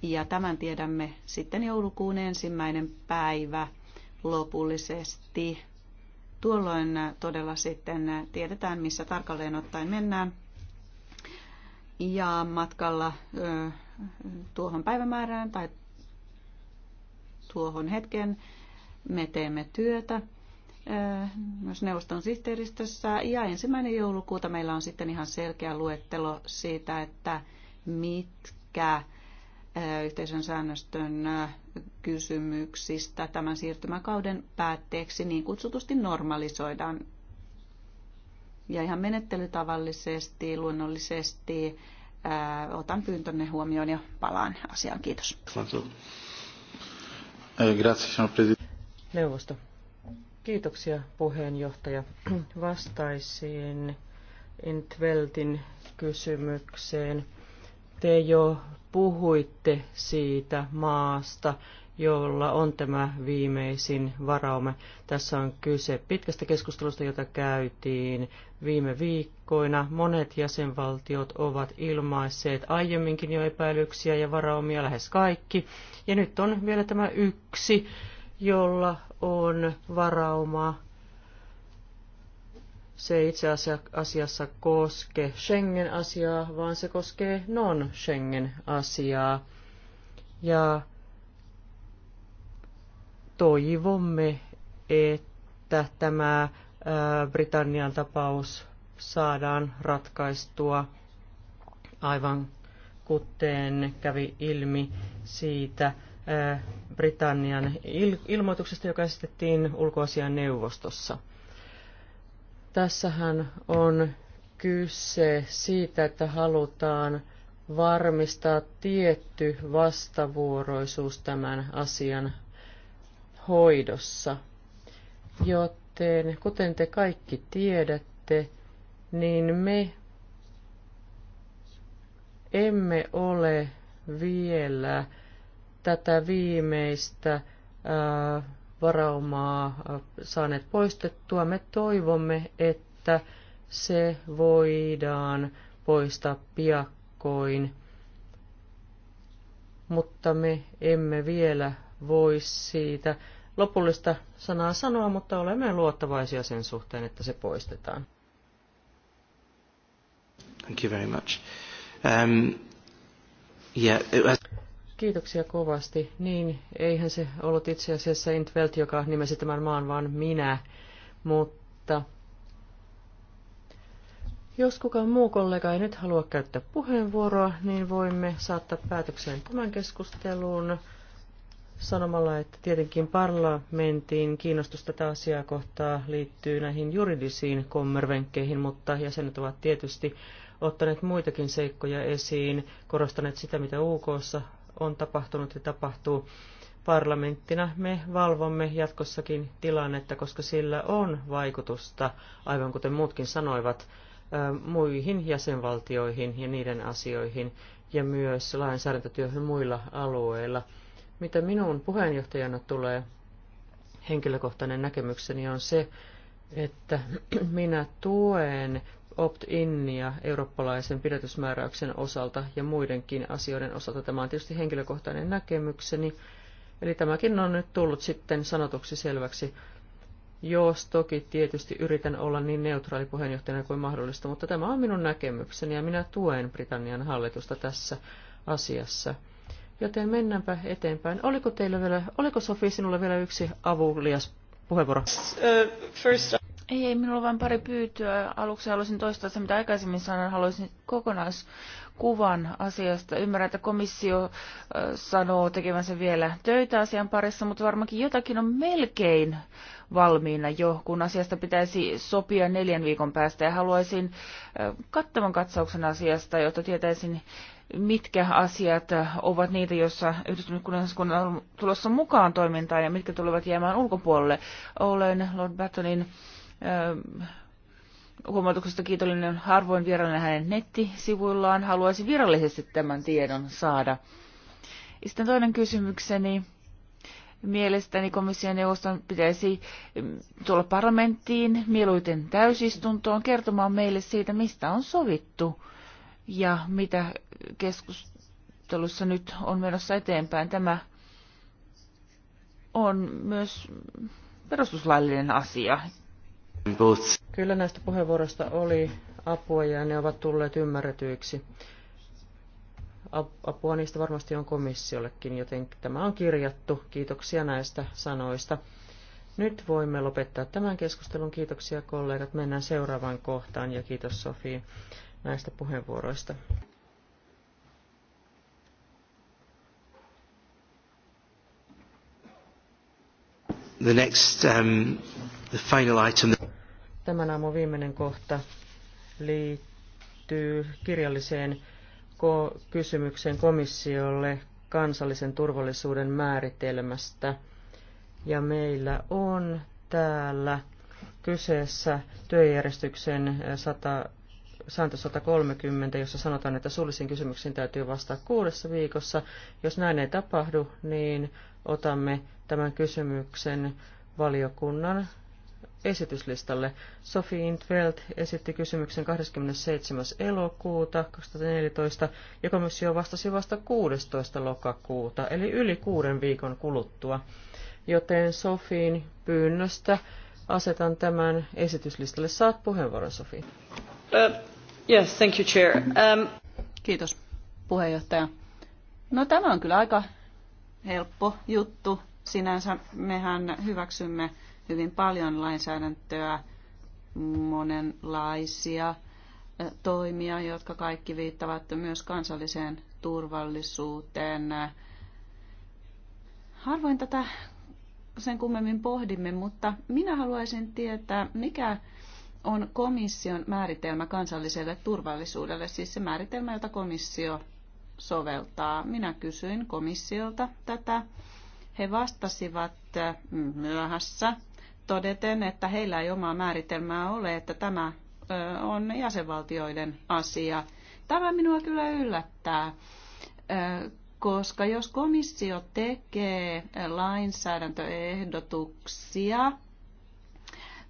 Ja tämän tiedämme sitten joulukuun ensimmäinen päivä lopullisesti. Tuolloin todella sitten tiedetään, missä tarkalleen ottaen mennään. Ja matkalla tuohon päivämäärään tai tuohon hetken me teemme työtä Äh, myös neuvoston sihteeristössä. Ja ensimmäinen joulukuuta meillä on sitten ihan selkeä luettelo siitä, että mitkä äh, yhteisön säännöstön äh, kysymyksistä tämän siirtymäkauden päätteeksi niin kutsutusti normalisoidaan. Ja ihan menettelytavallisesti, luonnollisesti otan pyyntönne huomioon ja palaan asiaan. Kiitos. Neuvosto. Kiitoksia puheenjohtaja. <clears throat> Vastaisin Intveltin kysymykseen. Te jo puhuitte siitä maasta, jolla on tämä viimeisin varaume. Tässä on kyse pitkästä keskustelusta, jota käytiin viime viikkoina. Monet jäsenvaltiot ovat ilmaisseet aiemminkin jo epäilyksiä ja varaumia lähes kaikki. Ja nyt on vielä tämä yksi jolla on varauma. Se itse asiassa koske Schengen-asiaa, vaan se koskee non-Schengen-asiaa. Ja toivomme, että tämä Britannian tapaus saadaan ratkaistua aivan kuten kävi ilmi siitä Britannian ilmoituksesta, joka esitettiin ulkoasian neuvostossa. Tässähän on kyse siitä, että halutaan varmistaa tietty vastavuoroisuus tämän asian hoidossa. Joten, kuten te kaikki tiedätte, niin me emme ole vielä tätä viimeistä varaumaa saaneet poistettua. Me toivomme, että se voidaan poistaa piakkoin, mutta me emme vielä voi siitä lopullista sanaa sanoa, mutta olemme luottavaisia sen suhteen, että se poistetaan. Thank you very much. Um, yeah, it was... Kiitoksia kovasti. Niin, eihän se ollut itse asiassa Intvelt, joka nimesi tämän maan, vaan minä. Mutta jos kukaan muu kollega ei nyt halua käyttää puheenvuoroa, niin voimme saattaa päätökseen tämän keskusteluun sanomalla, että tietenkin parlamentin kiinnostus tätä asiaa kohtaa liittyy näihin juridisiin kommervenkkeihin, mutta jäsenet ovat tietysti ottaneet muitakin seikkoja esiin, korostaneet sitä, mitä UKssa on tapahtunut ja tapahtuu. Parlamenttina me valvomme jatkossakin tilannetta, koska sillä on vaikutusta, aivan kuten muutkin sanoivat, muihin jäsenvaltioihin ja niiden asioihin ja myös lainsäädäntötyöhön muilla alueilla. Mitä minun puheenjohtajana tulee, henkilökohtainen näkemykseni on se, että <clears throat> minä tuen opt-innia eurooppalaisen pidätysmääräyksen osalta ja muidenkin asioiden osalta. Tämä on tietysti henkilökohtainen näkemykseni. Eli tämäkin on nyt tullut sitten sanotuksi selväksi. Jos toki tietysti yritän olla niin neutraali puheenjohtajana kuin mahdollista, mutta tämä on minun näkemykseni ja minä tuen Britannian hallitusta tässä asiassa. Joten mennäänpä eteenpäin. Oliko teillä vielä, oliko Sofi sinulla vielä yksi avulias puheenvuoro? Uh, first... Ei, ei, minulla on vain pari pyytöä. Aluksi haluaisin toistaa se, mitä aikaisemmin sanoin. Haluaisin kokonaiskuvan asiasta. Ymmärrän, että komissio sanoo tekevänsä vielä töitä asian parissa, mutta varmaankin jotakin on melkein valmiina jo, kun asiasta pitäisi sopia neljän viikon päästä. Ja haluaisin kattavan katsauksen asiasta, jotta tietäisin, mitkä asiat ovat niitä, joissa yhdistynyt kuningaskunta on tulossa mukaan toimintaan ja mitkä tulevat jäämään ulkopuolelle. Olen Lord Battonin huomautuksesta kiitollinen harvoin virallinen hänen nettisivuillaan. Haluaisin virallisesti tämän tiedon saada. Sitten toinen kysymykseni. Mielestäni komission neuvoston pitäisi mm, tulla parlamenttiin, mieluiten täysistuntoon, kertomaan meille siitä, mistä on sovittu ja mitä keskustelussa nyt on menossa eteenpäin. Tämä on myös perustuslaillinen asia. Kyllä näistä puheenvuoroista oli apua ja ne ovat tulleet ymmärretyiksi. Apua niistä varmasti on komissiollekin, joten tämä on kirjattu. Kiitoksia näistä sanoista. Nyt voimme lopettaa tämän keskustelun. Kiitoksia kollegat. Mennään seuraavaan kohtaan ja kiitos Sofiin näistä puheenvuoroista. The next, um, the final item. Tämän aamun viimeinen kohta liittyy kirjalliseen ko- kysymykseen komissiolle kansallisen turvallisuuden määritelmästä. Ja meillä on täällä kyseessä työjärjestyksen 100, sääntö 130, jossa sanotaan, että suullisiin kysymyksiin täytyy vastata kuudessa viikossa. Jos näin ei tapahdu, niin otamme tämän kysymyksen valiokunnan esityslistalle. Sophie Intveld esitti kysymyksen 27. elokuuta 2014 ja komissio vastasi vasta 16. lokakuuta, eli yli kuuden viikon kuluttua. Joten Sofiin pyynnöstä asetan tämän esityslistalle. Saat puheenvuoron, Sofi. Uh, yes, thank you, chair. Um... Kiitos, puheenjohtaja. No tämä on kyllä aika helppo juttu. Sinänsä mehän hyväksymme hyvin paljon lainsäädäntöä, monenlaisia toimia, jotka kaikki viittavat myös kansalliseen turvallisuuteen. Harvoin tätä sen kummemmin pohdimme, mutta minä haluaisin tietää, mikä on komission määritelmä kansalliselle turvallisuudelle, siis se määritelmä, jota komissio soveltaa. Minä kysyin komissiolta tätä. He vastasivat mm, myöhässä todeten, että heillä ei omaa määritelmää ole, että tämä on jäsenvaltioiden asia. Tämä minua kyllä yllättää, koska jos komissio tekee lainsäädäntöehdotuksia,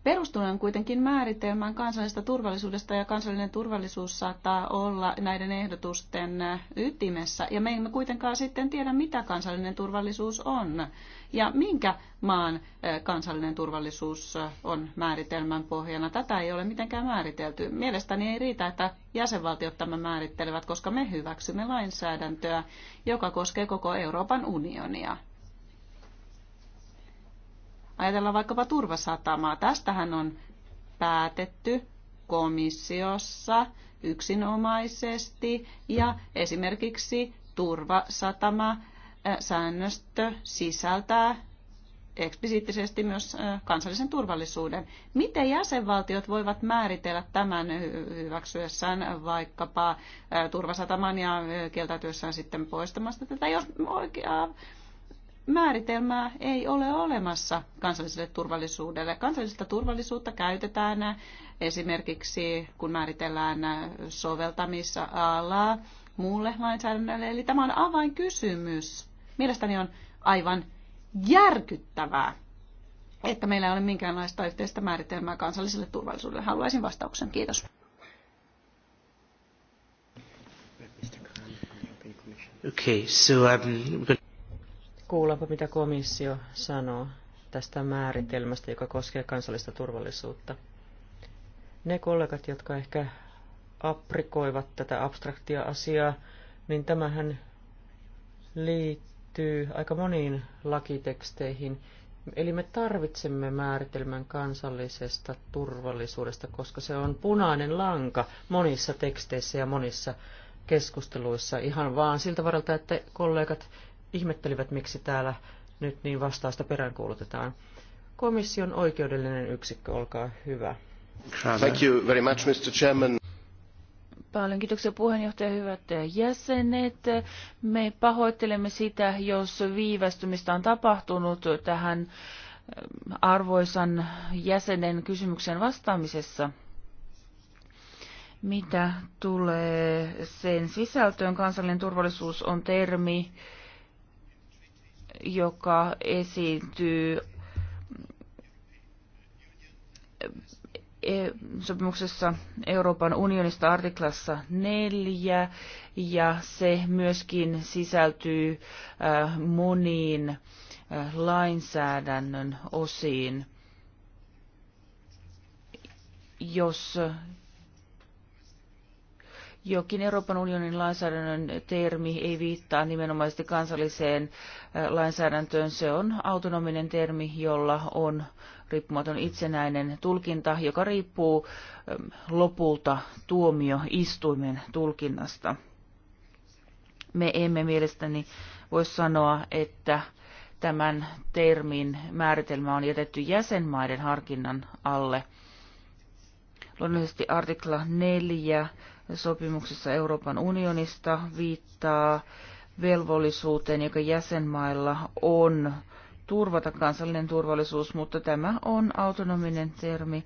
Perustuen kuitenkin määritelmään kansallisesta turvallisuudesta ja kansallinen turvallisuus saattaa olla näiden ehdotusten ytimessä. Ja me emme kuitenkaan sitten tiedä, mitä kansallinen turvallisuus on ja minkä maan kansallinen turvallisuus on määritelmän pohjana. Tätä ei ole mitenkään määritelty. Mielestäni ei riitä, että jäsenvaltiot tämä määrittelevät, koska me hyväksymme lainsäädäntöä, joka koskee koko Euroopan unionia. Ajatellaan vaikkapa turvasatamaa. Tästähän on päätetty komissiossa yksinomaisesti ja esimerkiksi turvasatama säännöstö sisältää eksplisiittisesti myös kansallisen turvallisuuden. Miten jäsenvaltiot voivat määritellä tämän hyväksyessään vaikkapa turvasataman ja kieltäytyessään sitten poistamasta tätä, jos oikeaa määritelmää ei ole olemassa kansalliselle turvallisuudelle. Kansallista turvallisuutta käytetään esimerkiksi, kun määritellään soveltamisalaa muulle lainsäädännölle. Eli tämä on avainkysymys. Mielestäni on aivan järkyttävää, että meillä ei ole minkäänlaista yhteistä määritelmää kansalliselle turvallisuudelle. Haluaisin vastauksen. Kiitos. Okay, so um, Kuullaanpa, mitä komissio sanoo tästä määritelmästä, joka koskee kansallista turvallisuutta. Ne kollegat, jotka ehkä aprikoivat tätä abstraktia asiaa, niin tämähän liittyy aika moniin lakiteksteihin. Eli me tarvitsemme määritelmän kansallisesta turvallisuudesta, koska se on punainen lanka monissa teksteissä ja monissa keskusteluissa ihan vaan siltä varalta, että kollegat ihmettelivät, miksi täällä nyt niin vastausta peräänkuulutetaan. Komission oikeudellinen yksikkö, olkaa hyvä. Thank you very much, Mr. Chairman. Paljon kiitoksia puheenjohtaja, hyvät jäsenet. Me pahoittelemme sitä, jos viivästymistä on tapahtunut tähän ähm, arvoisan jäsenen kysymyksen vastaamisessa. Mitä tulee sen sisältöön, kansallinen turvallisuus on termi, joka esiintyy e, sopimuksessa Euroopan unionista artiklassa 4 ja se myöskin sisältyy moniin lainsäädännön osiin. Jos jokin Euroopan unionin lainsäädännön termi ei viittaa nimenomaisesti kansalliseen lainsäädäntöön. Se on autonominen termi, jolla on riippumaton itsenäinen tulkinta, joka riippuu lopulta tuomioistuimen tulkinnasta. Me emme mielestäni voi sanoa, että tämän termin määritelmä on jätetty jäsenmaiden harkinnan alle. Luonnollisesti artikla 4 sopimuksessa Euroopan unionista viittaa velvollisuuteen, joka jäsenmailla on turvata kansallinen turvallisuus, mutta tämä on autonominen termi.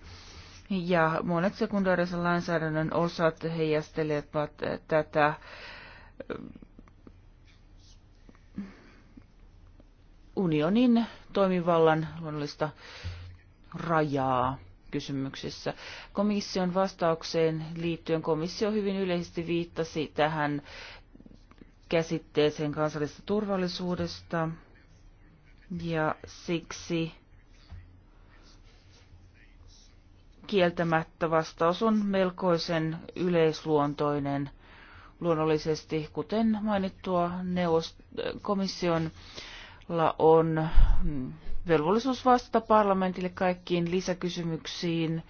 Ja monet sekundaarisen lainsäädännön osat heijastelevat tätä eh, unionin toimivallan luonnollista rajaa kysymyksissä. Komission vastaukseen liittyen komissio hyvin yleisesti viittasi tähän käsitteeseen kansallista turvallisuudesta ja siksi kieltämättä vastaus on melkoisen yleisluontoinen luonnollisesti, kuten mainittua, neuvost- komission on velvollisuus vastata parlamentille kaikkiin lisäkysymyksiin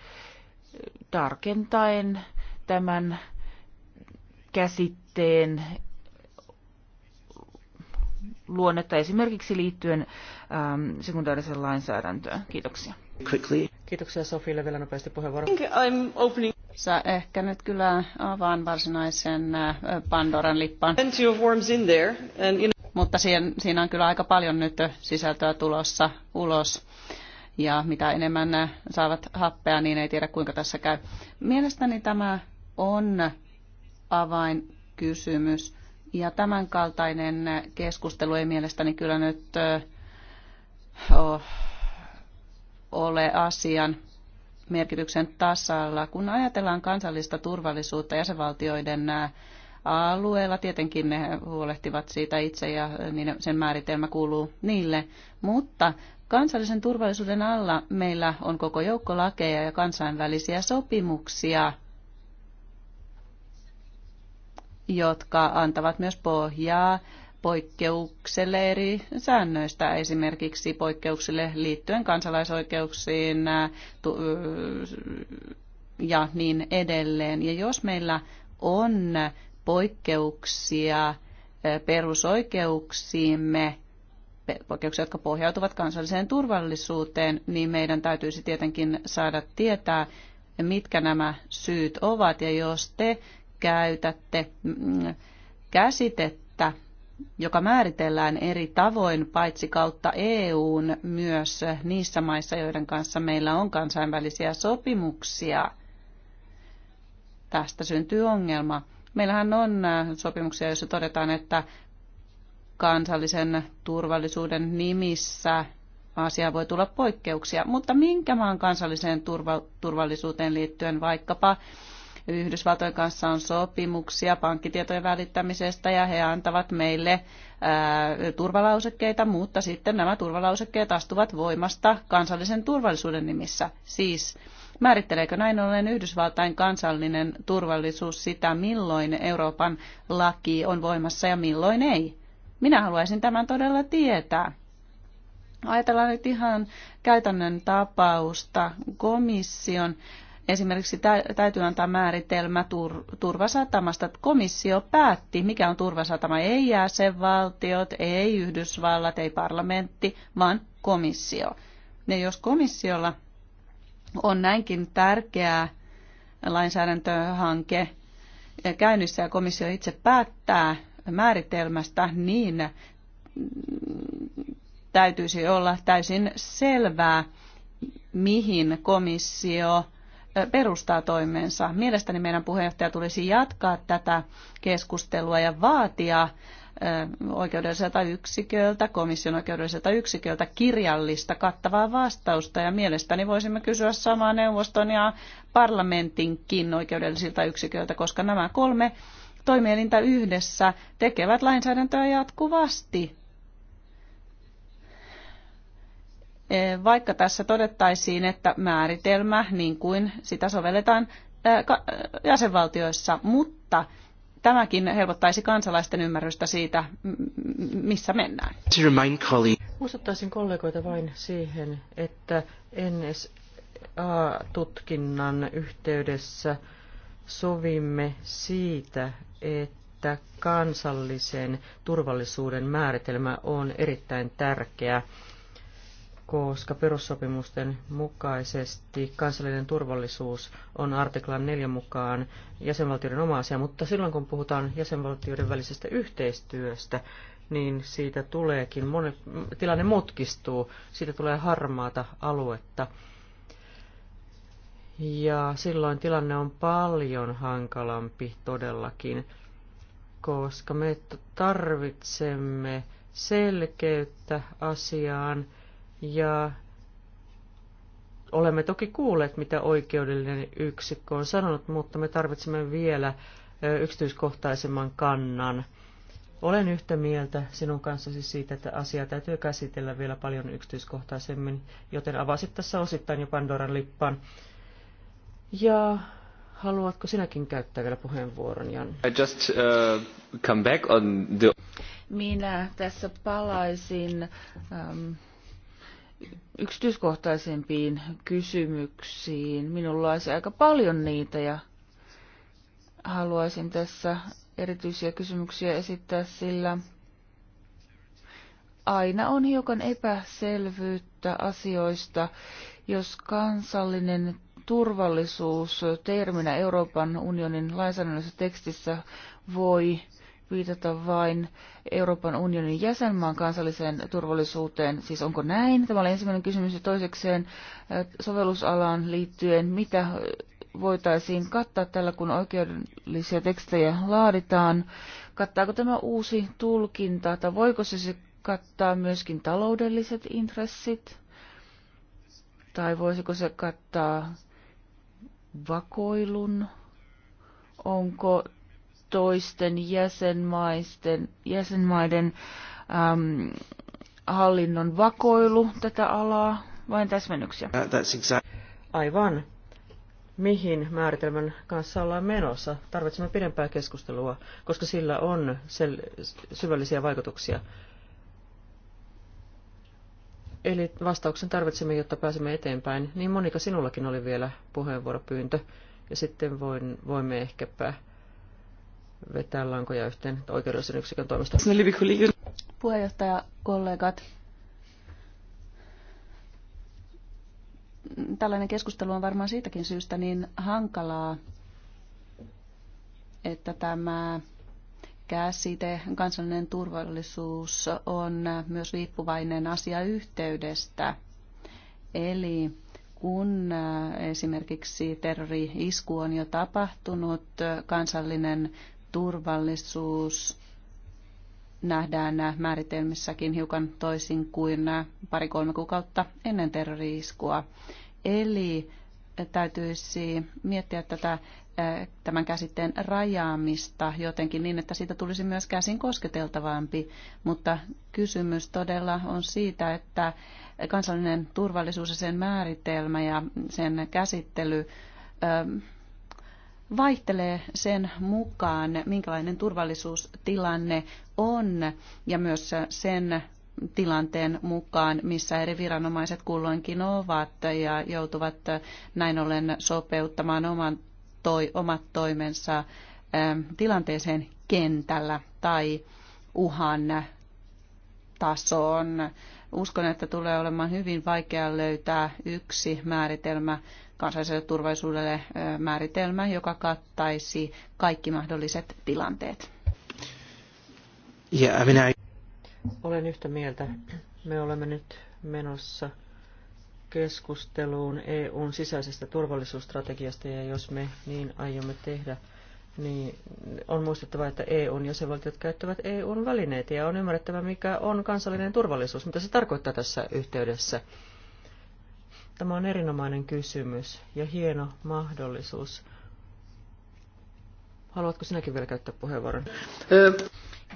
tarkentaen tämän käsitteen luonnetta esimerkiksi liittyen ähm, sekundaariseen lainsäädäntöön. Kiitoksia. Quickly. Kiitoksia Sofille vielä nopeasti puheenvuoro. I'm opening. Sä ehkä nyt kyllä avaan varsinaisen äh, Pandoran lippaan mutta siihen siinä on kyllä aika paljon nyt sisältöä tulossa ulos. Ja mitä enemmän ne saavat happea, niin ei tiedä kuinka tässä käy. Mielestäni tämä on avainkysymys. Ja tämänkaltainen keskustelu ei mielestäni kyllä nyt ole asian merkityksen tasalla. Kun ajatellaan kansallista turvallisuutta jäsenvaltioiden alueella. Tietenkin ne huolehtivat siitä itse ja niin sen määritelmä kuuluu niille. Mutta kansallisen turvallisuuden alla meillä on koko joukko lakeja ja kansainvälisiä sopimuksia, jotka antavat myös pohjaa poikkeukselle eri säännöistä, esimerkiksi poikkeuksille liittyen kansalaisoikeuksiin ja niin edelleen. Ja jos meillä on poikkeuksia perusoikeuksiimme, poikkeuksia, jotka pohjautuvat kansalliseen turvallisuuteen, niin meidän täytyisi tietenkin saada tietää, mitkä nämä syyt ovat. Ja jos te käytätte mm, käsitettä, joka määritellään eri tavoin paitsi kautta EUn myös niissä maissa, joiden kanssa meillä on kansainvälisiä sopimuksia, tästä syntyy ongelma. Meillähän on äh, sopimuksia, joissa todetaan, että kansallisen turvallisuuden nimissä asiaa voi tulla poikkeuksia, mutta minkä maan kansalliseen turva- turvallisuuteen liittyen vaikkapa Yhdysvaltojen kanssa on sopimuksia pankkitietojen välittämisestä ja he antavat meille ää, äh, turvalausekkeita, mutta sitten nämä turvalausekkeet astuvat voimasta kansallisen turvallisuuden nimissä. Siis Määritteleekö näin ollen Yhdysvaltain kansallinen turvallisuus sitä, milloin Euroopan laki on voimassa ja milloin ei? Minä haluaisin tämän todella tietää. Ajatellaan nyt ihan käytännön tapausta. Komission esimerkiksi täytyy antaa määritelmä turvasatamasta. Komissio päätti, mikä on turvasatama. Ei jäsenvaltiot, ei Yhdysvallat, ei parlamentti, vaan komissio. Ja jos komissiolla on näinkin tärkeää lainsäädäntöhanke käynnissä ja komissio itse päättää määritelmästä, niin täytyisi olla täysin selvää, mihin komissio perustaa toimensa. Mielestäni meidän puheenjohtaja tulisi jatkaa tätä keskustelua ja vaatia oikeudelliselta yksiköltä, komission oikeudelliselta yksiköltä kirjallista kattavaa vastausta. Ja mielestäni voisimme kysyä samaa neuvoston ja parlamentinkin oikeudellisilta yksiköiltä, koska nämä kolme toimielintä yhdessä tekevät lainsäädäntöä jatkuvasti. E, vaikka tässä todettaisiin, että määritelmä, niin kuin sitä sovelletaan jäsenvaltioissa, mutta Tämäkin helpottaisi kansalaisten ymmärrystä siitä, missä mennään. Muistuttaisin kollegoita vain siihen, että NSA-tutkinnan yhteydessä sovimme siitä, että kansallisen turvallisuuden määritelmä on erittäin tärkeä koska perussopimusten mukaisesti kansallinen turvallisuus on artiklan 4 mukaan jäsenvaltioiden oma asia, mutta silloin kun puhutaan jäsenvaltioiden välisestä yhteistyöstä, niin siitä tuleekin, moni, tilanne mutkistuu, siitä tulee harmaata aluetta. Ja silloin tilanne on paljon hankalampi todellakin, koska me tarvitsemme selkeyttä asiaan, ja olemme toki kuulleet, mitä oikeudellinen yksikkö on sanonut, mutta me tarvitsemme vielä yksityiskohtaisemman kannan. Olen yhtä mieltä sinun kanssasi siitä, että asiaa täytyy käsitellä vielä paljon yksityiskohtaisemmin, joten avasit tässä osittain jo Pandoran lippaan. Ja haluatko sinäkin käyttää vielä puheenvuoron, Jan? I just uh, come back on the... Minä tässä palaisin... Um yksityiskohtaisempiin kysymyksiin. Minulla olisi aika paljon niitä ja haluaisin tässä erityisiä kysymyksiä esittää, sillä aina on hiukan epäselvyyttä asioista, jos kansallinen turvallisuus terminä Euroopan unionin lainsäädännössä tekstissä voi viitata vain Euroopan unionin jäsenmaan kansalliseen turvallisuuteen? Siis onko näin? Tämä oli ensimmäinen kysymys. Ja toisekseen eh, sovellusalaan liittyen, mitä eh, voitaisiin kattaa tällä, kun oikeudellisia tekstejä laaditaan? Kattaako tämä uusi tulkinta tai voiko se, kattaa myöskin taloudelliset intressit? Tai voisiko se kattaa vakoilun? Onko toisten jäsenmaisten, jäsenmaiden äm, hallinnon vakoilu tätä alaa? Vain täsmennyksiä. Uh, Aivan. Mihin määritelmän kanssa ollaan menossa? Tarvitsemme pidempää keskustelua, koska sillä on sel- syvällisiä vaikutuksia. Eli vastauksen tarvitsemme, jotta pääsemme eteenpäin. Niin Monika, sinullakin oli vielä puheenvuoropyyntö, ja sitten voin, voimme ehkäpä vetää lankoja yhteen oikeudellisen yksikön toimesta. Puheenjohtaja, kollegat. Tällainen keskustelu on varmaan siitäkin syystä niin hankalaa, että tämä käsite kansallinen turvallisuus on myös riippuvainen yhteydestä, Eli kun äh, esimerkiksi terrori-isku on jo tapahtunut, kansallinen turvallisuus nähdään määritelmissäkin hiukan toisin kuin pari-kolme kuukautta ennen terroriiskua. Eli täytyisi miettiä tätä eh, tämän käsitteen rajaamista jotenkin niin, että siitä tulisi myös käsin kosketeltavampi, mutta kysymys todella on siitä, että kansallinen turvallisuus ja sen määritelmä ja sen käsittely eh, vaihtelee sen mukaan, minkälainen turvallisuustilanne on ja myös sen tilanteen mukaan, missä eri viranomaiset kulloinkin ovat ja joutuvat näin ollen sopeuttamaan oman toi, omat toimensa ähm, tilanteeseen kentällä tai uhan tasoon. Uskon, että tulee olemaan hyvin vaikea löytää yksi määritelmä kansalliselle turvallisuudelle määritelmä, joka kattaisi kaikki mahdolliset tilanteet. Yeah, I mean, I... Olen yhtä mieltä. Me olemme nyt menossa keskusteluun EUn sisäisestä turvallisuusstrategiasta ja jos me niin aiomme tehdä, niin on muistettava, että EUn jäsenvaltiot käyttävät EUn välineitä ja on ymmärrettävä, mikä on kansallinen turvallisuus, mitä se tarkoittaa tässä yhteydessä. Tämä on erinomainen kysymys ja hieno mahdollisuus. Haluatko sinäkin vielä käyttää puheenvuoron?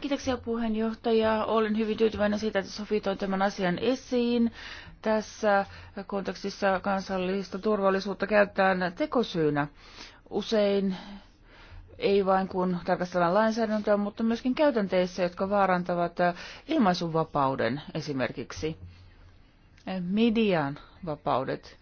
Kiitoksia puheenjohtaja. Olen hyvin tyytyväinen siitä, että Sofi toi tämän asian esiin. Tässä kontekstissa kansallista turvallisuutta käytetään tekosyynä. Usein ei vain kun tarkastellaan lainsäädäntöä, mutta myöskin käytänteissä, jotka vaarantavat äh, ilmaisuvapauden esimerkiksi, äh, median vapaudet.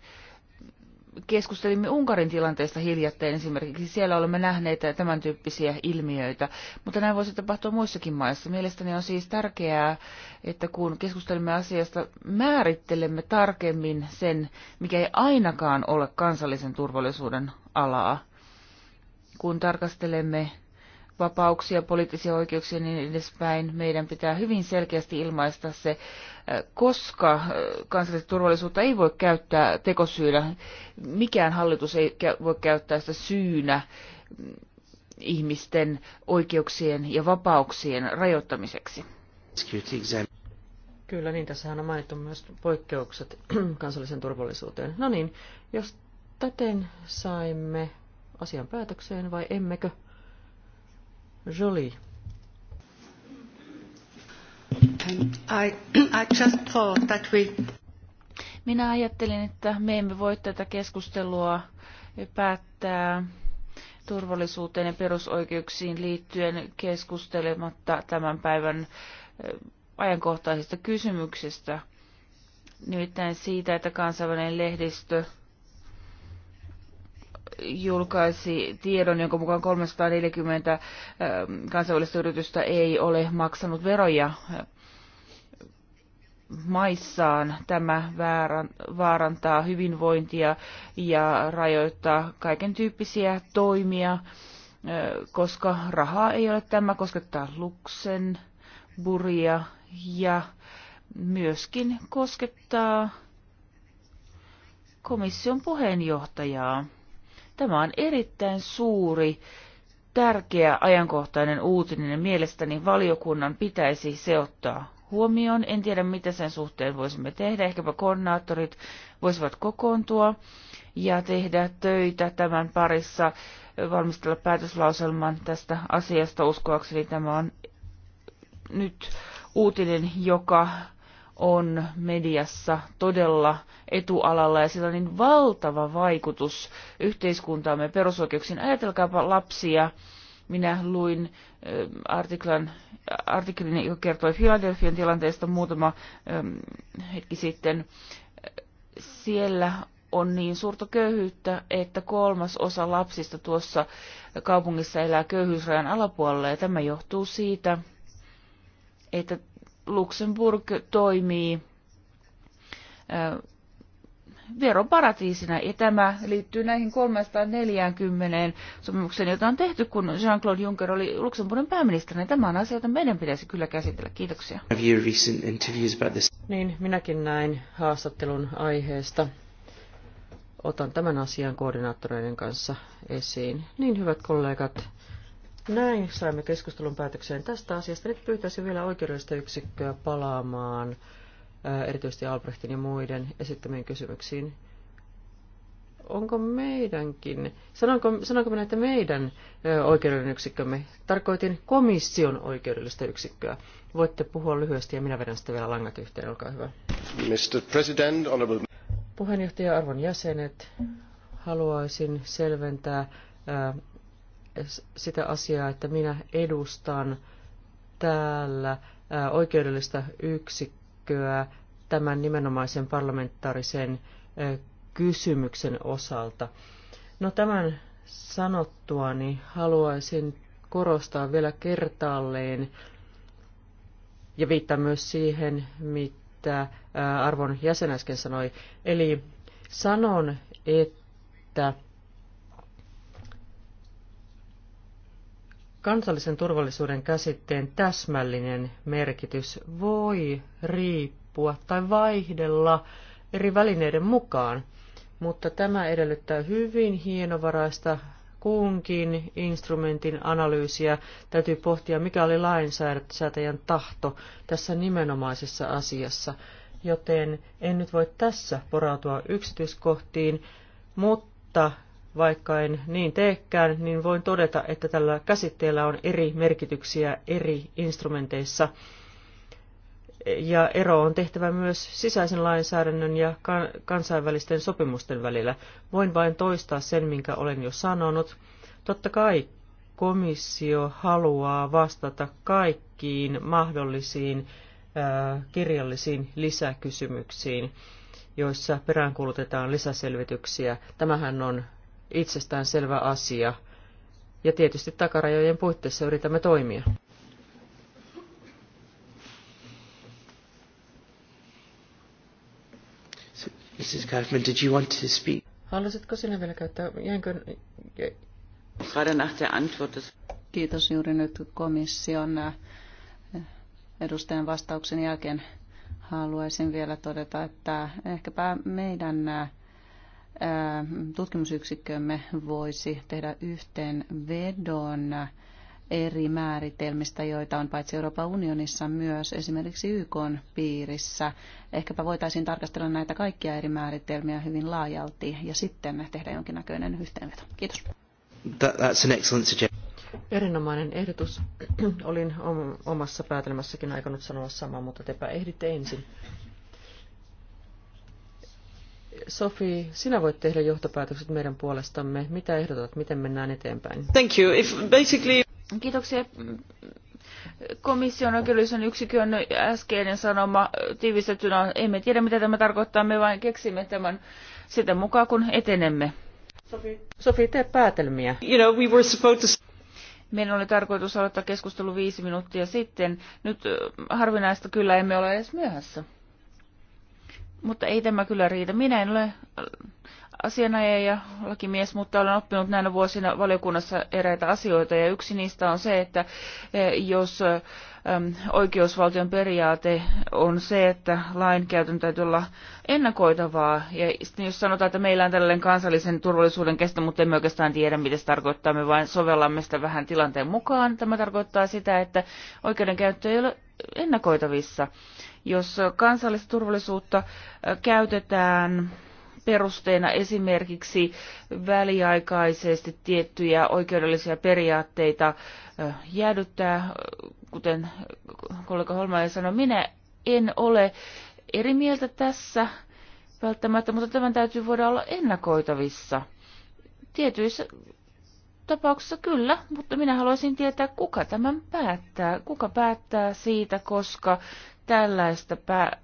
Keskustelimme Unkarin tilanteesta hiljattain esimerkiksi. Siellä olemme nähneet äh, tämän tyyppisiä ilmiöitä, mutta näin voisi tapahtua muissakin maissa. Mielestäni on siis tärkeää, että kun keskustelemme asiasta, määrittelemme tarkemmin sen, mikä ei ainakaan ole kansallisen turvallisuuden alaa kun tarkastelemme vapauksia, poliittisia oikeuksia ja niin edespäin, meidän pitää hyvin selkeästi ilmaista se, äh, koska äh, kansallista turvallisuutta ei voi käyttää tekosyynä. Mikään hallitus ei voi käyttää sitä syynä mm, ihmisten oikeuksien ja vapauksien rajoittamiseksi. Kyllä, niin tässähän on mainittu myös poikkeukset <clears throat> kansallisen turvallisuuteen. No niin, jos täten saimme asian päätökseen vai emmekö? Jolie. I, I just thought that we... Minä ajattelin, että me emme voi tätä keskustelua päättää turvallisuuteen ja perusoikeuksiin liittyen keskustelematta tämän päivän eh, ajankohtaisesta kysymyksestä, nimittäin siitä, että kansainvälinen lehdistö julkaisi tiedon, jonka mukaan 340 ähm, kansainvälistä yritystä ei ole maksanut veroja äh, maissaan. Tämä vaarantaa hyvinvointia ja rajoittaa kaiken tyyppisiä toimia, äh, koska rahaa ei ole tämä, koskettaa luksen, buria ja myöskin koskettaa komission puheenjohtajaa. Tämä on erittäin suuri, tärkeä, ajankohtainen uutinen ja mielestäni valiokunnan pitäisi se ottaa huomioon. En tiedä, mitä sen suhteen voisimme tehdä. Ehkäpä koordinaattorit voisivat kokoontua ja tehdä töitä tämän parissa, valmistella päätöslauselman tästä asiasta. Uskoakseni tämä on nyt uutinen, joka on mediassa todella etualalla ja sillä on niin valtava vaikutus yhteiskuntaamme perusoikeuksiin. Ajatelkaapa lapsia. Minä luin artiklan, artiklin, joka kertoi Philadelphian tilanteesta muutama hetki sitten. Siellä on niin suurta köyhyyttä, että kolmas osa lapsista tuossa kaupungissa elää köyhyysrajan alapuolella ja tämä johtuu siitä, että Luxemburg toimii veroparatiisina, ja tämä liittyy näihin 340 sopimukseen, jota on tehty, kun Jean-Claude Juncker oli Luxemburgin pääministerinä. Tämä on asia, jota meidän pitäisi kyllä käsitellä. Kiitoksia. Niin, minäkin näin haastattelun aiheesta. Otan tämän asian koordinaattoreiden kanssa esiin. Niin, hyvät kollegat, näin saimme keskustelun päätökseen tästä asiasta. Nyt pyytäisin vielä oikeudellista yksikköä palaamaan erityisesti Albrechtin ja muiden esittämiin kysymyksiin. Onko meidänkin, sanonko, sanonko minä, että meidän oikeudellinen yksikkömme, tarkoitin komission oikeudellista yksikköä. Voitte puhua lyhyesti ja minä vedän sitten vielä langat yhteen, olkaa hyvä. Mr. President, honorable... Puheenjohtaja arvon jäsenet, haluaisin selventää sitä asiaa, että minä edustan täällä oikeudellista yksikköä tämän nimenomaisen parlamentaarisen kysymyksen osalta. No tämän niin haluaisin korostaa vielä kertaalleen ja viittaa myös siihen, mitä arvon jäsen äsken sanoi. Eli sanon, että kansallisen turvallisuuden käsitteen täsmällinen merkitys voi riippua tai vaihdella eri välineiden mukaan, mutta tämä edellyttää hyvin hienovaraista kunkin instrumentin analyysiä. Täytyy pohtia, mikä oli lainsäätäjän tahto tässä nimenomaisessa asiassa, joten en nyt voi tässä porautua yksityiskohtiin, mutta vaikka en niin teekään, niin voin todeta, että tällä käsitteellä on eri merkityksiä eri instrumenteissa. Ja ero on tehtävä myös sisäisen lainsäädännön ja kansainvälisten sopimusten välillä. Voin vain toistaa sen, minkä olen jo sanonut. Totta kai komissio haluaa vastata kaikkiin mahdollisiin kirjallisiin lisäkysymyksiin, joissa peräänkuulutetaan lisäselvityksiä. Tämähän on itsestäänselvä asia. Ja tietysti takarajojen puitteissa yritämme toimia. Mrs. Kaufman, did you want to speak? Haluaisitko sinä vielä käyttää? Jäinkö... Kiitos juuri nyt komission eh, edustajan vastauksen jälkeen haluaisin vielä todeta, että ehkäpä meidän eh, tutkimusyksikkömme voisi tehdä yhteen vedon eri määritelmistä, joita on paitsi Euroopan unionissa myös esimerkiksi YK piirissä. Ehkäpä voitaisiin tarkastella näitä kaikkia eri määritelmiä hyvin laajalti ja sitten tehdä jonkinnäköinen yhteenveto. Kiitos. That's an excellent Erinomainen ehdotus. Olin omassa päätelmässäkin aikonut sanoa samaa, mutta tepä ehditte ensin. Sofi, sinä voit tehdä johtopäätökset meidän puolestamme. Mitä ehdotat, miten mennään eteenpäin? Thank you. If basically... Kiitoksia. Komission oikeudellisen yksikön äskeinen sanoma tiivistettynä, emme tiedä mitä tämä tarkoittaa, me vain keksimme tämän sitä mukaan, kun etenemme. Sofi, Sophie tee päätelmiä. You know, we were supposed to... Meidän oli tarkoitus aloittaa keskustelu viisi minuuttia sitten. Nyt harvinaista kyllä emme ole edes myöhässä. Mutta ei tämä kyllä riitä. Minä en ole asianajaja ja lakimies, mutta olen oppinut näinä vuosina valiokunnassa eräitä asioita ja yksi niistä on se, että eh, jos ehm, oikeusvaltion periaate on se, että lainkäytön täytyy olla ennakoitavaa. Ja sitten jos sanotaan, että meillä on tällainen kansallisen turvallisuuden kestä, mutta emme oikeastaan tiedä, mitä se tarkoittaa, me vain sovellamme sitä vähän tilanteen mukaan. Tämä tarkoittaa sitä, että oikeudenkäyttö ei ole ennakoitavissa jos kansallista turvallisuutta käytetään perusteena esimerkiksi väliaikaisesti tiettyjä oikeudellisia periaatteita jäädyttää, kuten kollega Holmaja sanoi, minä en ole eri mieltä tässä välttämättä, mutta tämän täytyy voida olla ennakoitavissa. Tietyissä tapauksessa kyllä, mutta minä haluaisin tietää, kuka tämän päättää. Kuka päättää siitä, koska tällaista pää-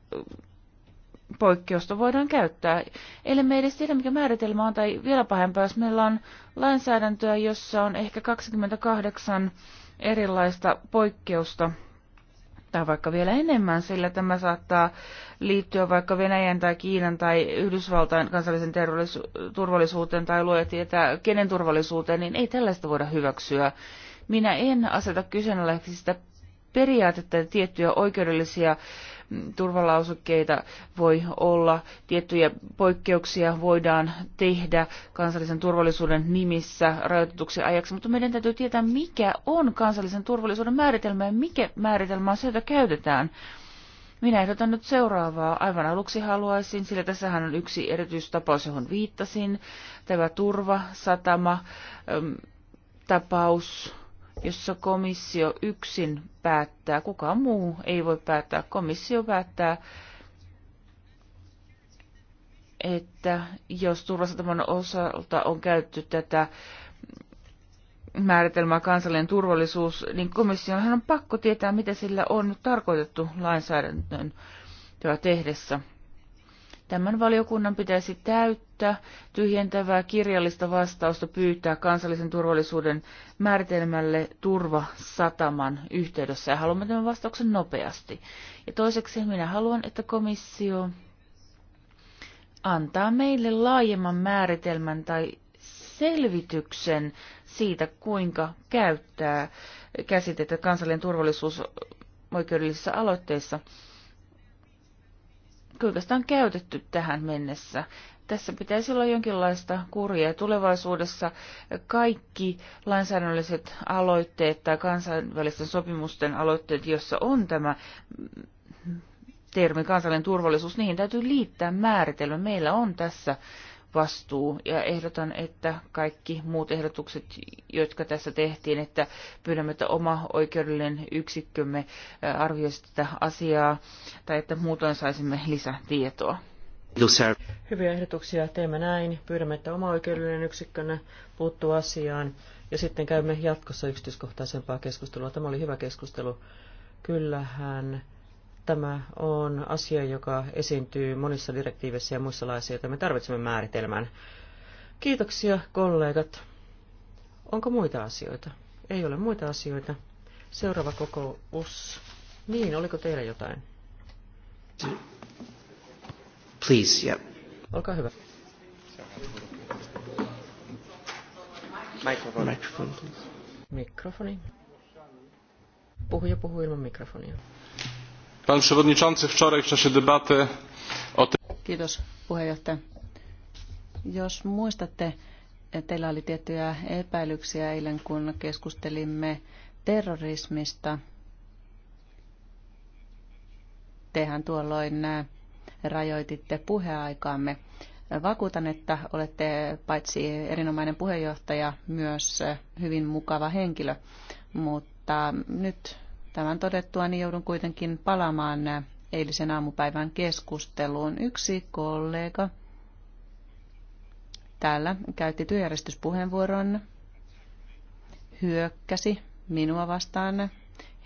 poikkeusta voidaan käyttää. Eli me edes tiedä, mikä määritelmä on, tai vielä pahempaa, jos meillä on lainsäädäntöä, jossa on ehkä 28 erilaista poikkeusta – tai vaikka vielä enemmän, sillä tämä saattaa liittyä vaikka Venäjän tai Kiinan tai Yhdysvaltain kansallisen turvallisuuteen tai luo tietää kenen turvallisuuteen, niin ei tällaista voida hyväksyä. Minä en aseta kyseenalaiseksi sitä periaatetta, ja tiettyjä oikeudellisia mm, turvalausukkeita voi olla, tiettyjä poikkeuksia voidaan tehdä kansallisen turvallisuuden nimissä rajoitetuksi ajaksi, mutta meidän täytyy tietää, mikä on kansallisen turvallisuuden määritelmä ja mikä määritelmä on se, jota käytetään. Minä ehdotan nyt seuraavaa. Aivan aluksi haluaisin, sillä tässähän on yksi erityistapaus, johon viittasin, tämä turva, satama, tapaus, jossa komissio yksin päättää. Kukaan muu ei voi päättää. Komissio päättää, että jos turvasataman osalta on käytetty tätä määritelmää kansallinen turvallisuus, niin komissionhan on pakko tietää, mitä sillä on tarkoitettu lainsäädäntöön tehdessä. Tämän valiokunnan pitäisi täyttää tyhjentävää kirjallista vastausta pyytää kansallisen turvallisuuden määritelmälle turvasataman yhteydessä. Ja haluamme tämän vastauksen nopeasti. Ja toiseksi minä haluan, että komissio antaa meille laajemman määritelmän tai selvityksen siitä, kuinka käyttää käsitettä kansallinen turvallisuus oikeudellisissa aloitteissa – kyllä sitä on käytetty tähän mennessä. Tässä pitäisi olla jonkinlaista kuria. Tulevaisuudessa kaikki lainsäädännölliset aloitteet tai kansainvälisten sopimusten aloitteet, jossa on tämä termi kansallinen turvallisuus, niihin täytyy liittää määritelmä. Meillä on tässä vastuu. Ja ehdotan, että kaikki muut ehdotukset, jotka tässä tehtiin, että pyydämme, että oma oikeudellinen yksikkömme arvioisi tätä asiaa tai että muutoin saisimme lisätietoa. Hyviä ehdotuksia. Teemme näin. Pyydämme, että oma oikeudellinen yksikkönä puuttuu asiaan. Ja sitten käymme jatkossa yksityiskohtaisempaa keskustelua. Tämä oli hyvä keskustelu. Kyllähän Tämä on asia, joka esiintyy monissa direktiiveissä ja muissa laissa, joten me tarvitsemme määritelmän. Kiitoksia kollegat. Onko muita asioita? Ei ole muita asioita. Seuraava kokous. Niin, oliko teillä jotain? Please, yeah. Olkaa hyvä. Microphone. Microphone, Mikrofoni. Puhuja puhuu ilman mikrofonia. Pan przewodniczący wczoraj w czasie debaty o tym... Kiitos puheenjohtaja. Jos muistatte, teillä oli tiettyjä epäilyksiä eilen, kun keskustelimme terrorismista. Tehän tuolloin äh, rajoititte puheaikaamme. Vakuutan, että olette paitsi erinomainen puheenjohtaja, myös äh, hyvin mukava henkilö, mutta nyt Tämän todettua niin joudun kuitenkin palaamaan eilisen aamupäivän keskusteluun. Yksi kollega täällä käytti työjärjestyspuheenvuoron, hyökkäsi minua vastaan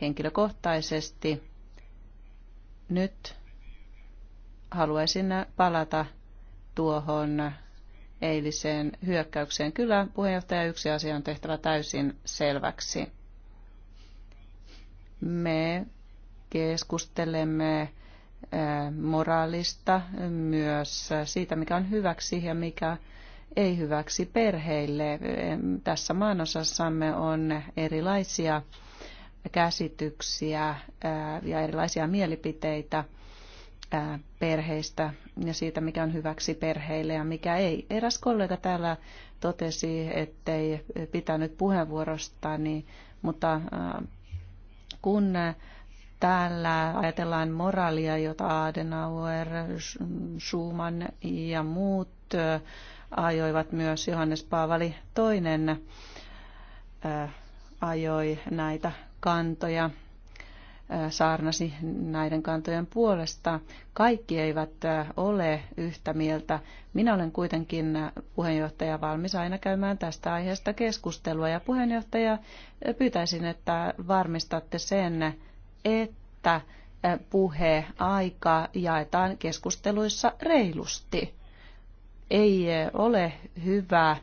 henkilökohtaisesti. Nyt haluaisin palata tuohon eiliseen hyökkäykseen. Kyllä, puheenjohtaja, yksi asia on tehtävä täysin selväksi me keskustelemme moraalista myös siitä, mikä on hyväksi ja mikä ei hyväksi perheille. Tässä maanosassamme on erilaisia käsityksiä ja erilaisia mielipiteitä perheistä ja siitä, mikä on hyväksi perheille ja mikä ei. Eräs kollega täällä totesi, ettei pitänyt puheenvuorostani, mutta kun täällä ajatellaan moraalia, jota Adenauer, Schumann ja muut ajoivat myös Johannes Paavali II ajoi näitä kantoja saarnasi näiden kantojen puolesta. Kaikki eivät ole yhtä mieltä. Minä olen kuitenkin puheenjohtaja valmis aina käymään tästä aiheesta keskustelua. Ja puheenjohtaja, pyytäisin, että varmistatte sen, että puheaika jaetaan keskusteluissa reilusti. Ei ole hyvä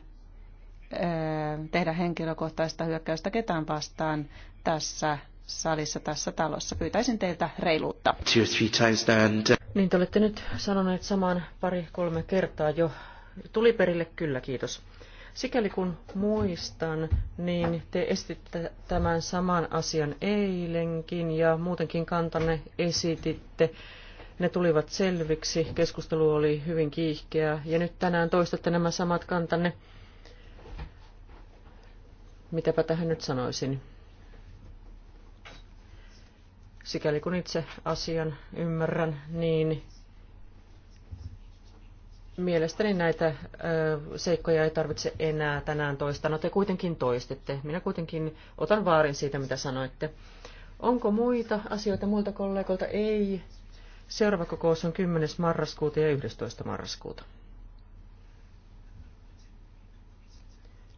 tehdä henkilökohtaista hyökkäystä ketään vastaan tässä salissa tässä talossa. Pyytäisin teiltä reiluutta. Uh, niin te olette nyt sanoneet samaan pari-kolme kertaa jo. Tuli perille kyllä, kiitos. Sikäli kun muistan, niin te esititte tämän saman asian eilenkin ja muutenkin kantanne esititte. Ne tulivat selviksi, keskustelu oli hyvin kiihkeä ja nyt tänään toistatte nämä samat kantanne. Mitäpä tähän nyt sanoisin? sikäli kun itse asian ymmärrän, niin mielestäni näitä seikkoja ei tarvitse enää tänään toistaa. No te kuitenkin toistitte. Minä kuitenkin otan vaarin siitä, mitä sanoitte. Onko muita asioita muilta kollegoilta? Ei. Seuraava kokous on 10. marraskuuta ja 11. marraskuuta.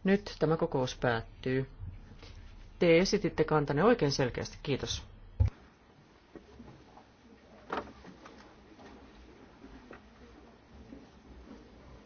Nyt tämä kokous päättyy. Te esititte kantanne oikein selkeästi. Kiitos.